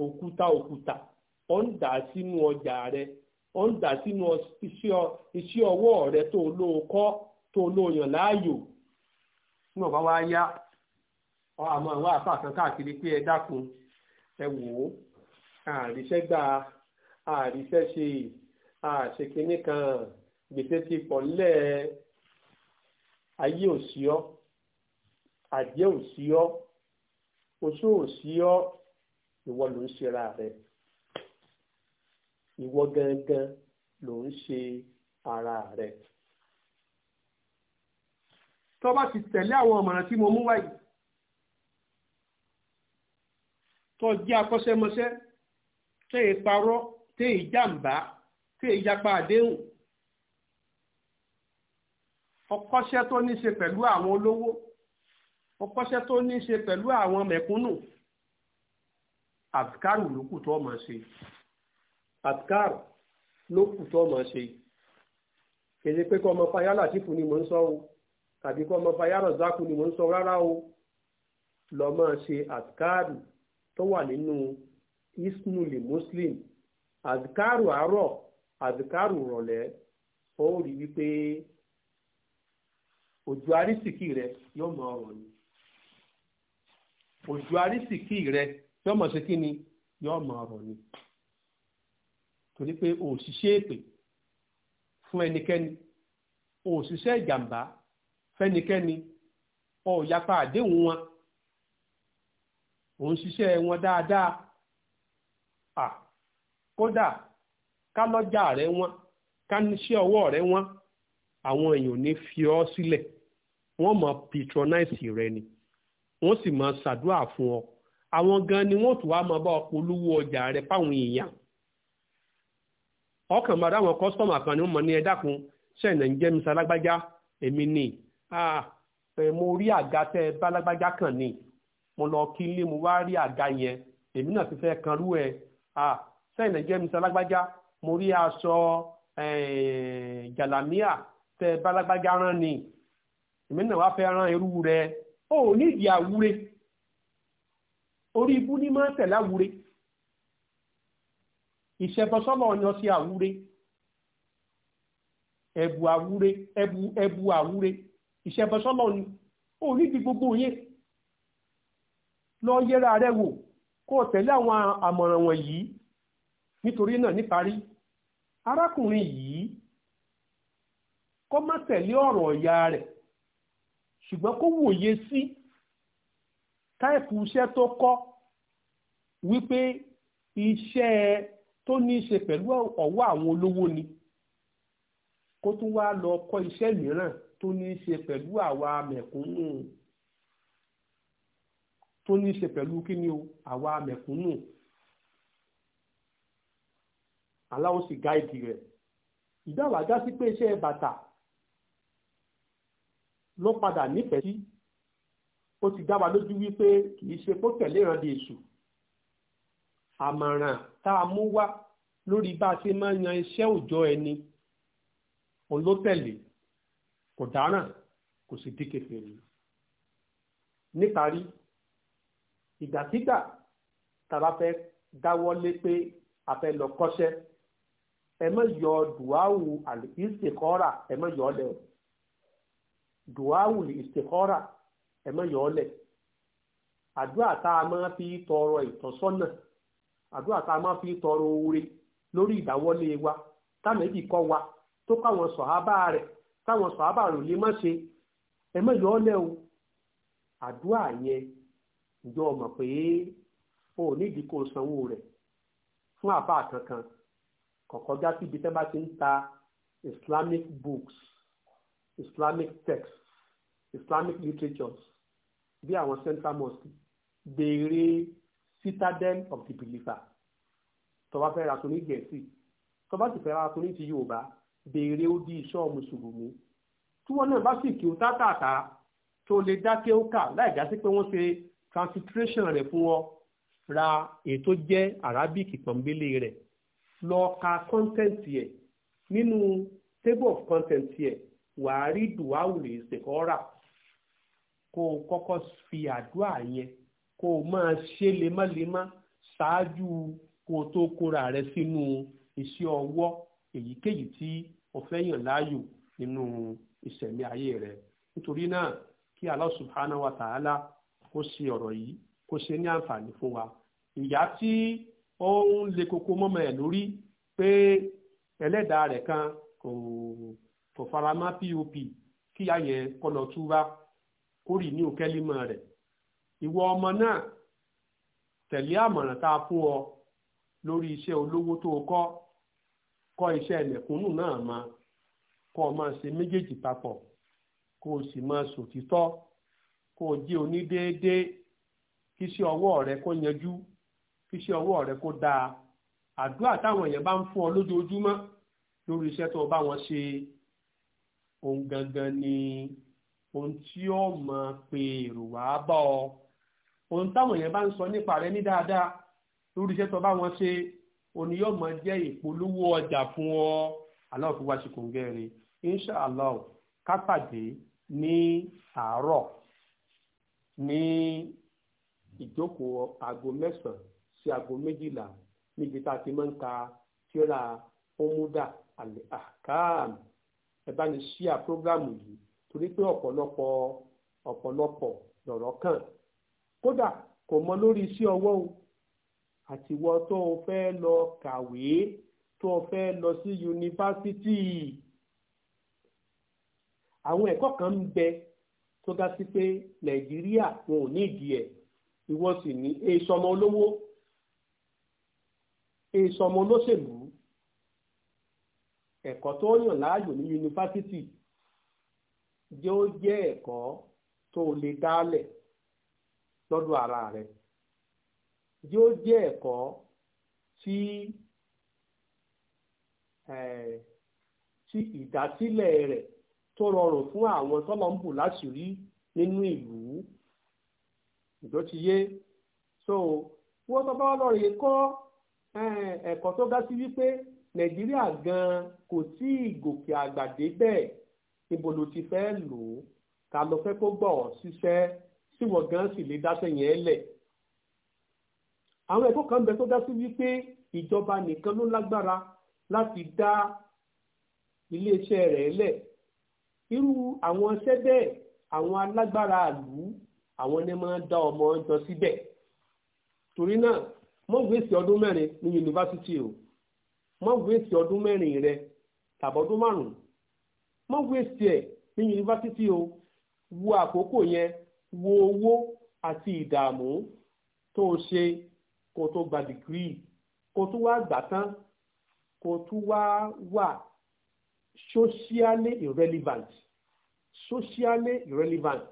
òkúta òkúta. ó ń dà sínú ọjà rẹ ó ń dà sínú iṣẹ́ ọwọ́ rẹ tó ló kọ́ tó ló yàn láàyò ní ọba wa yá ọ àmọ́ àwọn àfa káàkiri pé ẹ dákun ẹ wò ó àríṣẹ́ gbà àríṣẹ́ ṣe kan gbèsè ti pọ̀ ayé òsì ọ́ àjẹ́ òsì ọ́ oṣù òsì ọ́ ìwọ ló ń ṣera ìwọ gangan ló ń ṣe ara rẹ. tó bá ti tẹ̀lé àwọn ọ̀mọ̀ràn tí mo mú wáyé tó jẹ́ akọ́ṣẹ́mọṣẹ́ tẹ́ ìparọ́ tẹ́ ìjàmbá tẹ́ ìyapa àdéhùn ọkọ́ṣẹ́ tó ní ṣe pẹ̀lú àwọn olówó ọkọ́ṣẹ́ tó ní ṣe pẹ̀lú àwọn mẹ̀kúnnù àbíkárù lókù tó máa ṣe àtkár ló kù tó ọmọ ṣe kèdè pé kọ́ ọmọ fayá látìfù ni mò ń sọ o tàbí kọ́ ọmọ fayá rọ̀zákù ni mò ń sọ rárá o lọ máa ṣe àtkárù tó wà nínú ismuli muslim àtkárù àárọ̀ àtkárù rọ̀lẹ́ ó rí wípé òjò arísìkí rẹ yóò mọ ọrọ̀ ni òjò arísìkí rẹ yóò mọ ṣe kí ni yóò mọ ọrọ̀ ni torí pé o ò ṣiṣẹ́ èpè fún ẹnikẹ́ni o ò ṣiṣẹ́ ìjàmbá fẹ́nikẹ́ni o yapa àdéhùn wọn o ń ṣiṣẹ́ wọn dáadáa à kódà ká lọ́jà rẹ wọn ká níṣẹ́ ọwọ́ rẹ wọn àwọn èèyàn ní fi ọ́ sílẹ̀ wọ́n mọ̀ patronize rẹ ni wọ́n sì mọ̀ ṣàdúrà fún ọ àwọn gan ni wọ́n tún wá mọ̀ bá ọ polówó ọjà rẹ fáwọn èèyàn ọkàn máa dáwọn kọ́sítọ́mù kan ni wọ́n mọ̀ ní ẹ̀dá kun ṣẹ̀nà ń jẹ́ mi sálágbájá èmi ni mo rí àga tẹ́ ẹ bá lágbájá kàn ni mo lọ kí n lé mo wá rí àga yẹn èmi náà ti fẹ́ kan rú ẹ ṣẹ̀nà ń jẹ́ mi sálágbájá mo rí aṣọ jàlámíà tẹ́ ẹ bá lágbájá rán ni èmi náà wá fẹ́ rán irú rẹ ó nídìí àwúre orí ibú ní máa ń tẹ̀lé àwúre ìṣẹ́bọsọ́lọ̀ yan sí àwúre ẹ̀bù àwúre ẹ̀bù ẹ̀bù àwúre ìṣẹ́bọsọ́lọ̀ ni ó níbi gbogbo yẹn lọ yẹra rẹ wò kó o tẹ̀lé àwọn àmọ̀ràn wọ̀nyí nítorí náà níparí arákùnrin yìí kó má tẹ̀lé ọ̀rọ̀ ìyá rẹ̀ ṣùgbọ́n kó wòye sí táìpù iṣẹ́ tó kọ́ wípé iṣẹ́ tó ní í ṣe pẹ̀lú ọwọ́ àwọn olówó ni kó tún wá lọ kọ́ iṣẹ́ mìíràn tó ní í ṣe pẹ̀lú àwa mẹ̀kúnnù tó ní í ṣe pẹ̀lú kí ni o àwa mẹ̀kúnnù aláwọ̀ gáìdì rẹ̀ ìdáwà já sí pé iṣẹ́ bàtà ló padà nífẹ̀ẹ́ sí ó ti dá lójú wípé kì í ṣe kó tẹ̀lé èṣù àmọ̀ràn tá a mú wá lórí bá a ṣe máa yan iṣẹ́ òòjọ́ ẹni òun ló tẹ̀lé kò dáràn kò sì di kèfèrí níparí ìgbàkigbà tàbá fẹ́ dáwọ́lé pé a fẹ́ lọ kọ́ṣẹ́ ẹ má yọ dùáwù àlìsìkọ́ra ẹ má yọ ọlẹ̀ o dùáwù ẹ má yọ ọlẹ̀ àdúrà tá a máa fi tọrọ ìtọ́sọ́nà àdúrà tá a máa fi tọrọ oore lórí ìdáwọ́lé wa tánàbì kọ́ wa tó káwọn sọ̀hábà rẹ̀ táwọn sọ̀hábà rò lè má ṣe ẹ mọ̀ yọ lẹ́ o àdúrà yẹn ǹjọ́ ọmọ pé o ò nídìí kó o sanwó rẹ̀ fún àbá kankan kọ̀kọ́já síbi tẹ́ bá ti ń ta Islamic books Islamic texts Islamic literatures bí àwọn central mosque béèrè citadel of the believer tó bá fẹ́ ra aṣọ ní gẹ̀ẹ́sì tó bá sì fẹ́ ra aṣọ ní ti yorùbá béèrè ó di ìṣọ́ mùsùlùmí tí wọ́n náà bá sì kí o tátàtà tó lè dákẹ́ ó kà láì dá sí pé wọ́n ṣe transitration rẹ̀ fún ọ ra ètò jẹ́ arabic pọ̀nbélé rẹ̀ lọ ka content yẹ nínú table of content yẹ wàá rí dùwáwùrè ìsèkọ́ra kó o kọ́kọ́ fi àdúrà yẹn kó o máa ṣe lemọ́lemọ́ ṣáájú kó o tó kóra rẹ sínú iṣẹ́ ọwọ́ èyíkéyìí tí o fẹ́ láàyò nínú ìṣẹ̀mí ayé rẹ nítorí náà kí Allah subhanahu wa ta'ala kó ṣe ọ̀rọ̀ yìí kó ṣe ní àǹfààní fún wa ìyá tí ó ń le koko mọ́mọ́ ẹ̀ lórí pé ẹlẹ́dàá rẹ̀ kan kò kò fara mọ́ pop kíyà yẹn kọ́ lọ túbá kórì ní òkẹ́límọ̀ rẹ̀ ìwọ ọmọ náà tẹ̀lé àmọ̀ràn tá a fún ọ lórí iṣẹ́ olówó tó kọ́ kọ́ iṣẹ́ ẹ̀lẹ̀kùnú náà mọ kó o máa ṣe méjèèjì papọ̀ kó o sì máa sòtítọ́ kó o jẹ́ onídéédé kí iṣẹ́ ọwọ́ rẹ kó yanjú kí iṣẹ́ ọwọ́ rẹ kó dáa àdúrà táwọn èèyàn bá ń fún ọ lójoojúmọ́ lórí iṣẹ́ tó o bá wọn ṣe ohun gangan ni ohun tí ó máa pe èrò wá bá ọ ohun táwọn èèyàn bá ń sọ nípa rẹ ní dáadáa lórí iṣẹ́ tó bá wọn ṣe òní yóò mọ jẹ́ ìpolówó ọjà fún ọ aláwọ̀ fún wa ṣe kò ń gẹ́rin inshàlá ká ní àárọ̀ ní ìjókòó aago mẹ́sàn-án sí aago méjìlá níbi tá a ti máa ń ka tíra omuda alẹ́ àkáàmù ẹ bá ní ṣíà prógráàmù yìí torí pé ọ̀pọ̀lọpọ̀ ọ̀pọ̀lọpọ̀ lọ̀rọ̀ kàn kódà kò mọ lórí iṣẹ́ ọwọ́ o àtiwọ́ tó o fẹ́ lọ kàwé tó o fẹ́ lọ sí yunifásitì àwọn ẹ̀kọ́ kan ń bẹ tó ga sí pé nàìjíríà wọn ò ní ìdí ẹ̀ ìwọ sì ní èso olówó èso olóṣèlú ẹ̀kọ́ tó yàn láàyò ní yunifásitì jẹ́ jẹ́ ẹ̀kọ́ tó lè dálẹ̀ lọ́dọ̀ ara rẹ̀ yóò jẹ́ ẹ̀kọ́ tí tí ìdásílẹ̀ rẹ̀ tó rọrùn fún àwọn tọ́lọ̀ ń bù láṣìírí nínú ìlú ìjọ ti yé so wọ́n tọ́ bá lọ́ọ̀rẹ́ kọ́ ẹ̀kọ́ tó dá sí wípé nàìjíríà gan-an kò tí ì gòkè àgbà débẹ̀ níbo ló ti fẹ́ lò ó ta ló fẹ́ kó gbọ́ ọ ṣiṣẹ́ tí wọ́n gan sì lè dáṣẹ́ yẹn lẹ̀. àwọn ẹ̀kọ́ kan bẹ tó dá sí wípé ìjọba nìkan ló lágbára láti dá iléeṣẹ́ rẹ̀ lẹ̀ irú àwọn iṣẹ́ bẹ́ẹ̀ àwọn alágbára àlú àwọn ni máa ń dá ọmọ jọ síbẹ̀ torí náà mọ́ wéèsì ọdún mẹ́rin ní yunifásitì o mọ́ ọdún mẹ́rin rẹ tàbọ̀dún márùn-ún mọ́ ẹ̀ ní yunifásitì o wo àkókò yẹn wo owó àti ìdààmú tó o ṣe kó tó gba dìgírì kó tó wá gbà tán kó tó wá wà socially irrelevant socially irrelevant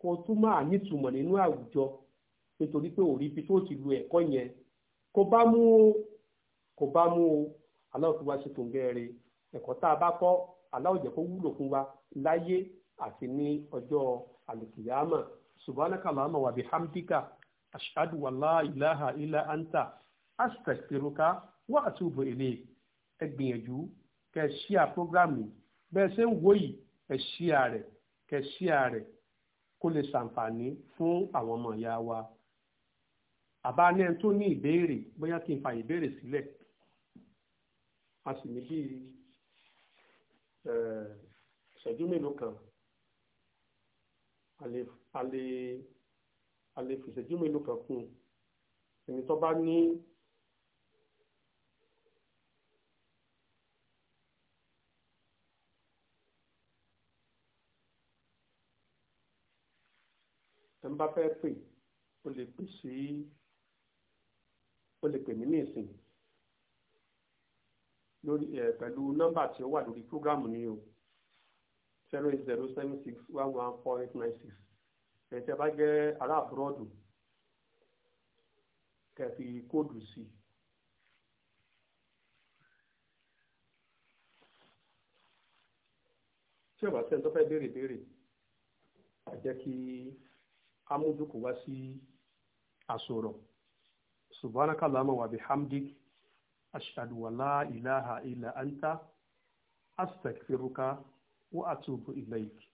kó tó máa nítumọ̀ nínú àwùjọ nítorí pé òrí ibi tó ti lu ẹ̀kọ́ yẹn kò bá mú o kò bá mú o aláwọ̀ tó wá ṣe tó ń gẹ́rẹ́ ẹ̀kọ́ tá a bá kọ́ aláwọ̀ jẹ́ kó wúlò fún wa láyé àti ní ọjọ́ àlùkìyàmà subhanakallahumma wa bihamdika ashhadu an la ilaha illa anta astaghfiruka wa atubu ilayk ẹ gbìyànjú kẹ́ ṣíà prógrámù bẹ́ẹ̀ ṣe ń wò yìí ẹ ṣíà rẹ̀ kẹ́ ṣíà rẹ̀ kó lè ṣàǹfààní fún àwọn ọmọ ìyá wa àbá ní ẹni tó ní ìbéèrè bóyá kí n fa ìbéèrè sílẹ̀ a sì ní bí ìṣẹ́jú mélòó kan a lè fìṣẹ́jú mélòó kan kún ẹni tó bá ní ẹni bá fẹ́ pè ó lè pè sí ó lè pè mí ní ìsìn lórí ẹ pẹ̀lú nọ́mbà tí ó wà lórí prógámù ni o zero eight zero seven six one one four eight nine six ẹ̀tẹ́ bá jẹ́ ará àbúrọ́dù kẹfì kóòdù sí. tí ọba sẹ́ni tó fẹ́ béèrè béèrè a jẹ́ kí amúdùkú wá sí àsọ̀rọ̀ subhanaka allahumma wa bihamdik ashhadu wa la ilaha illa anta astaghfiruka. وأتوب إليك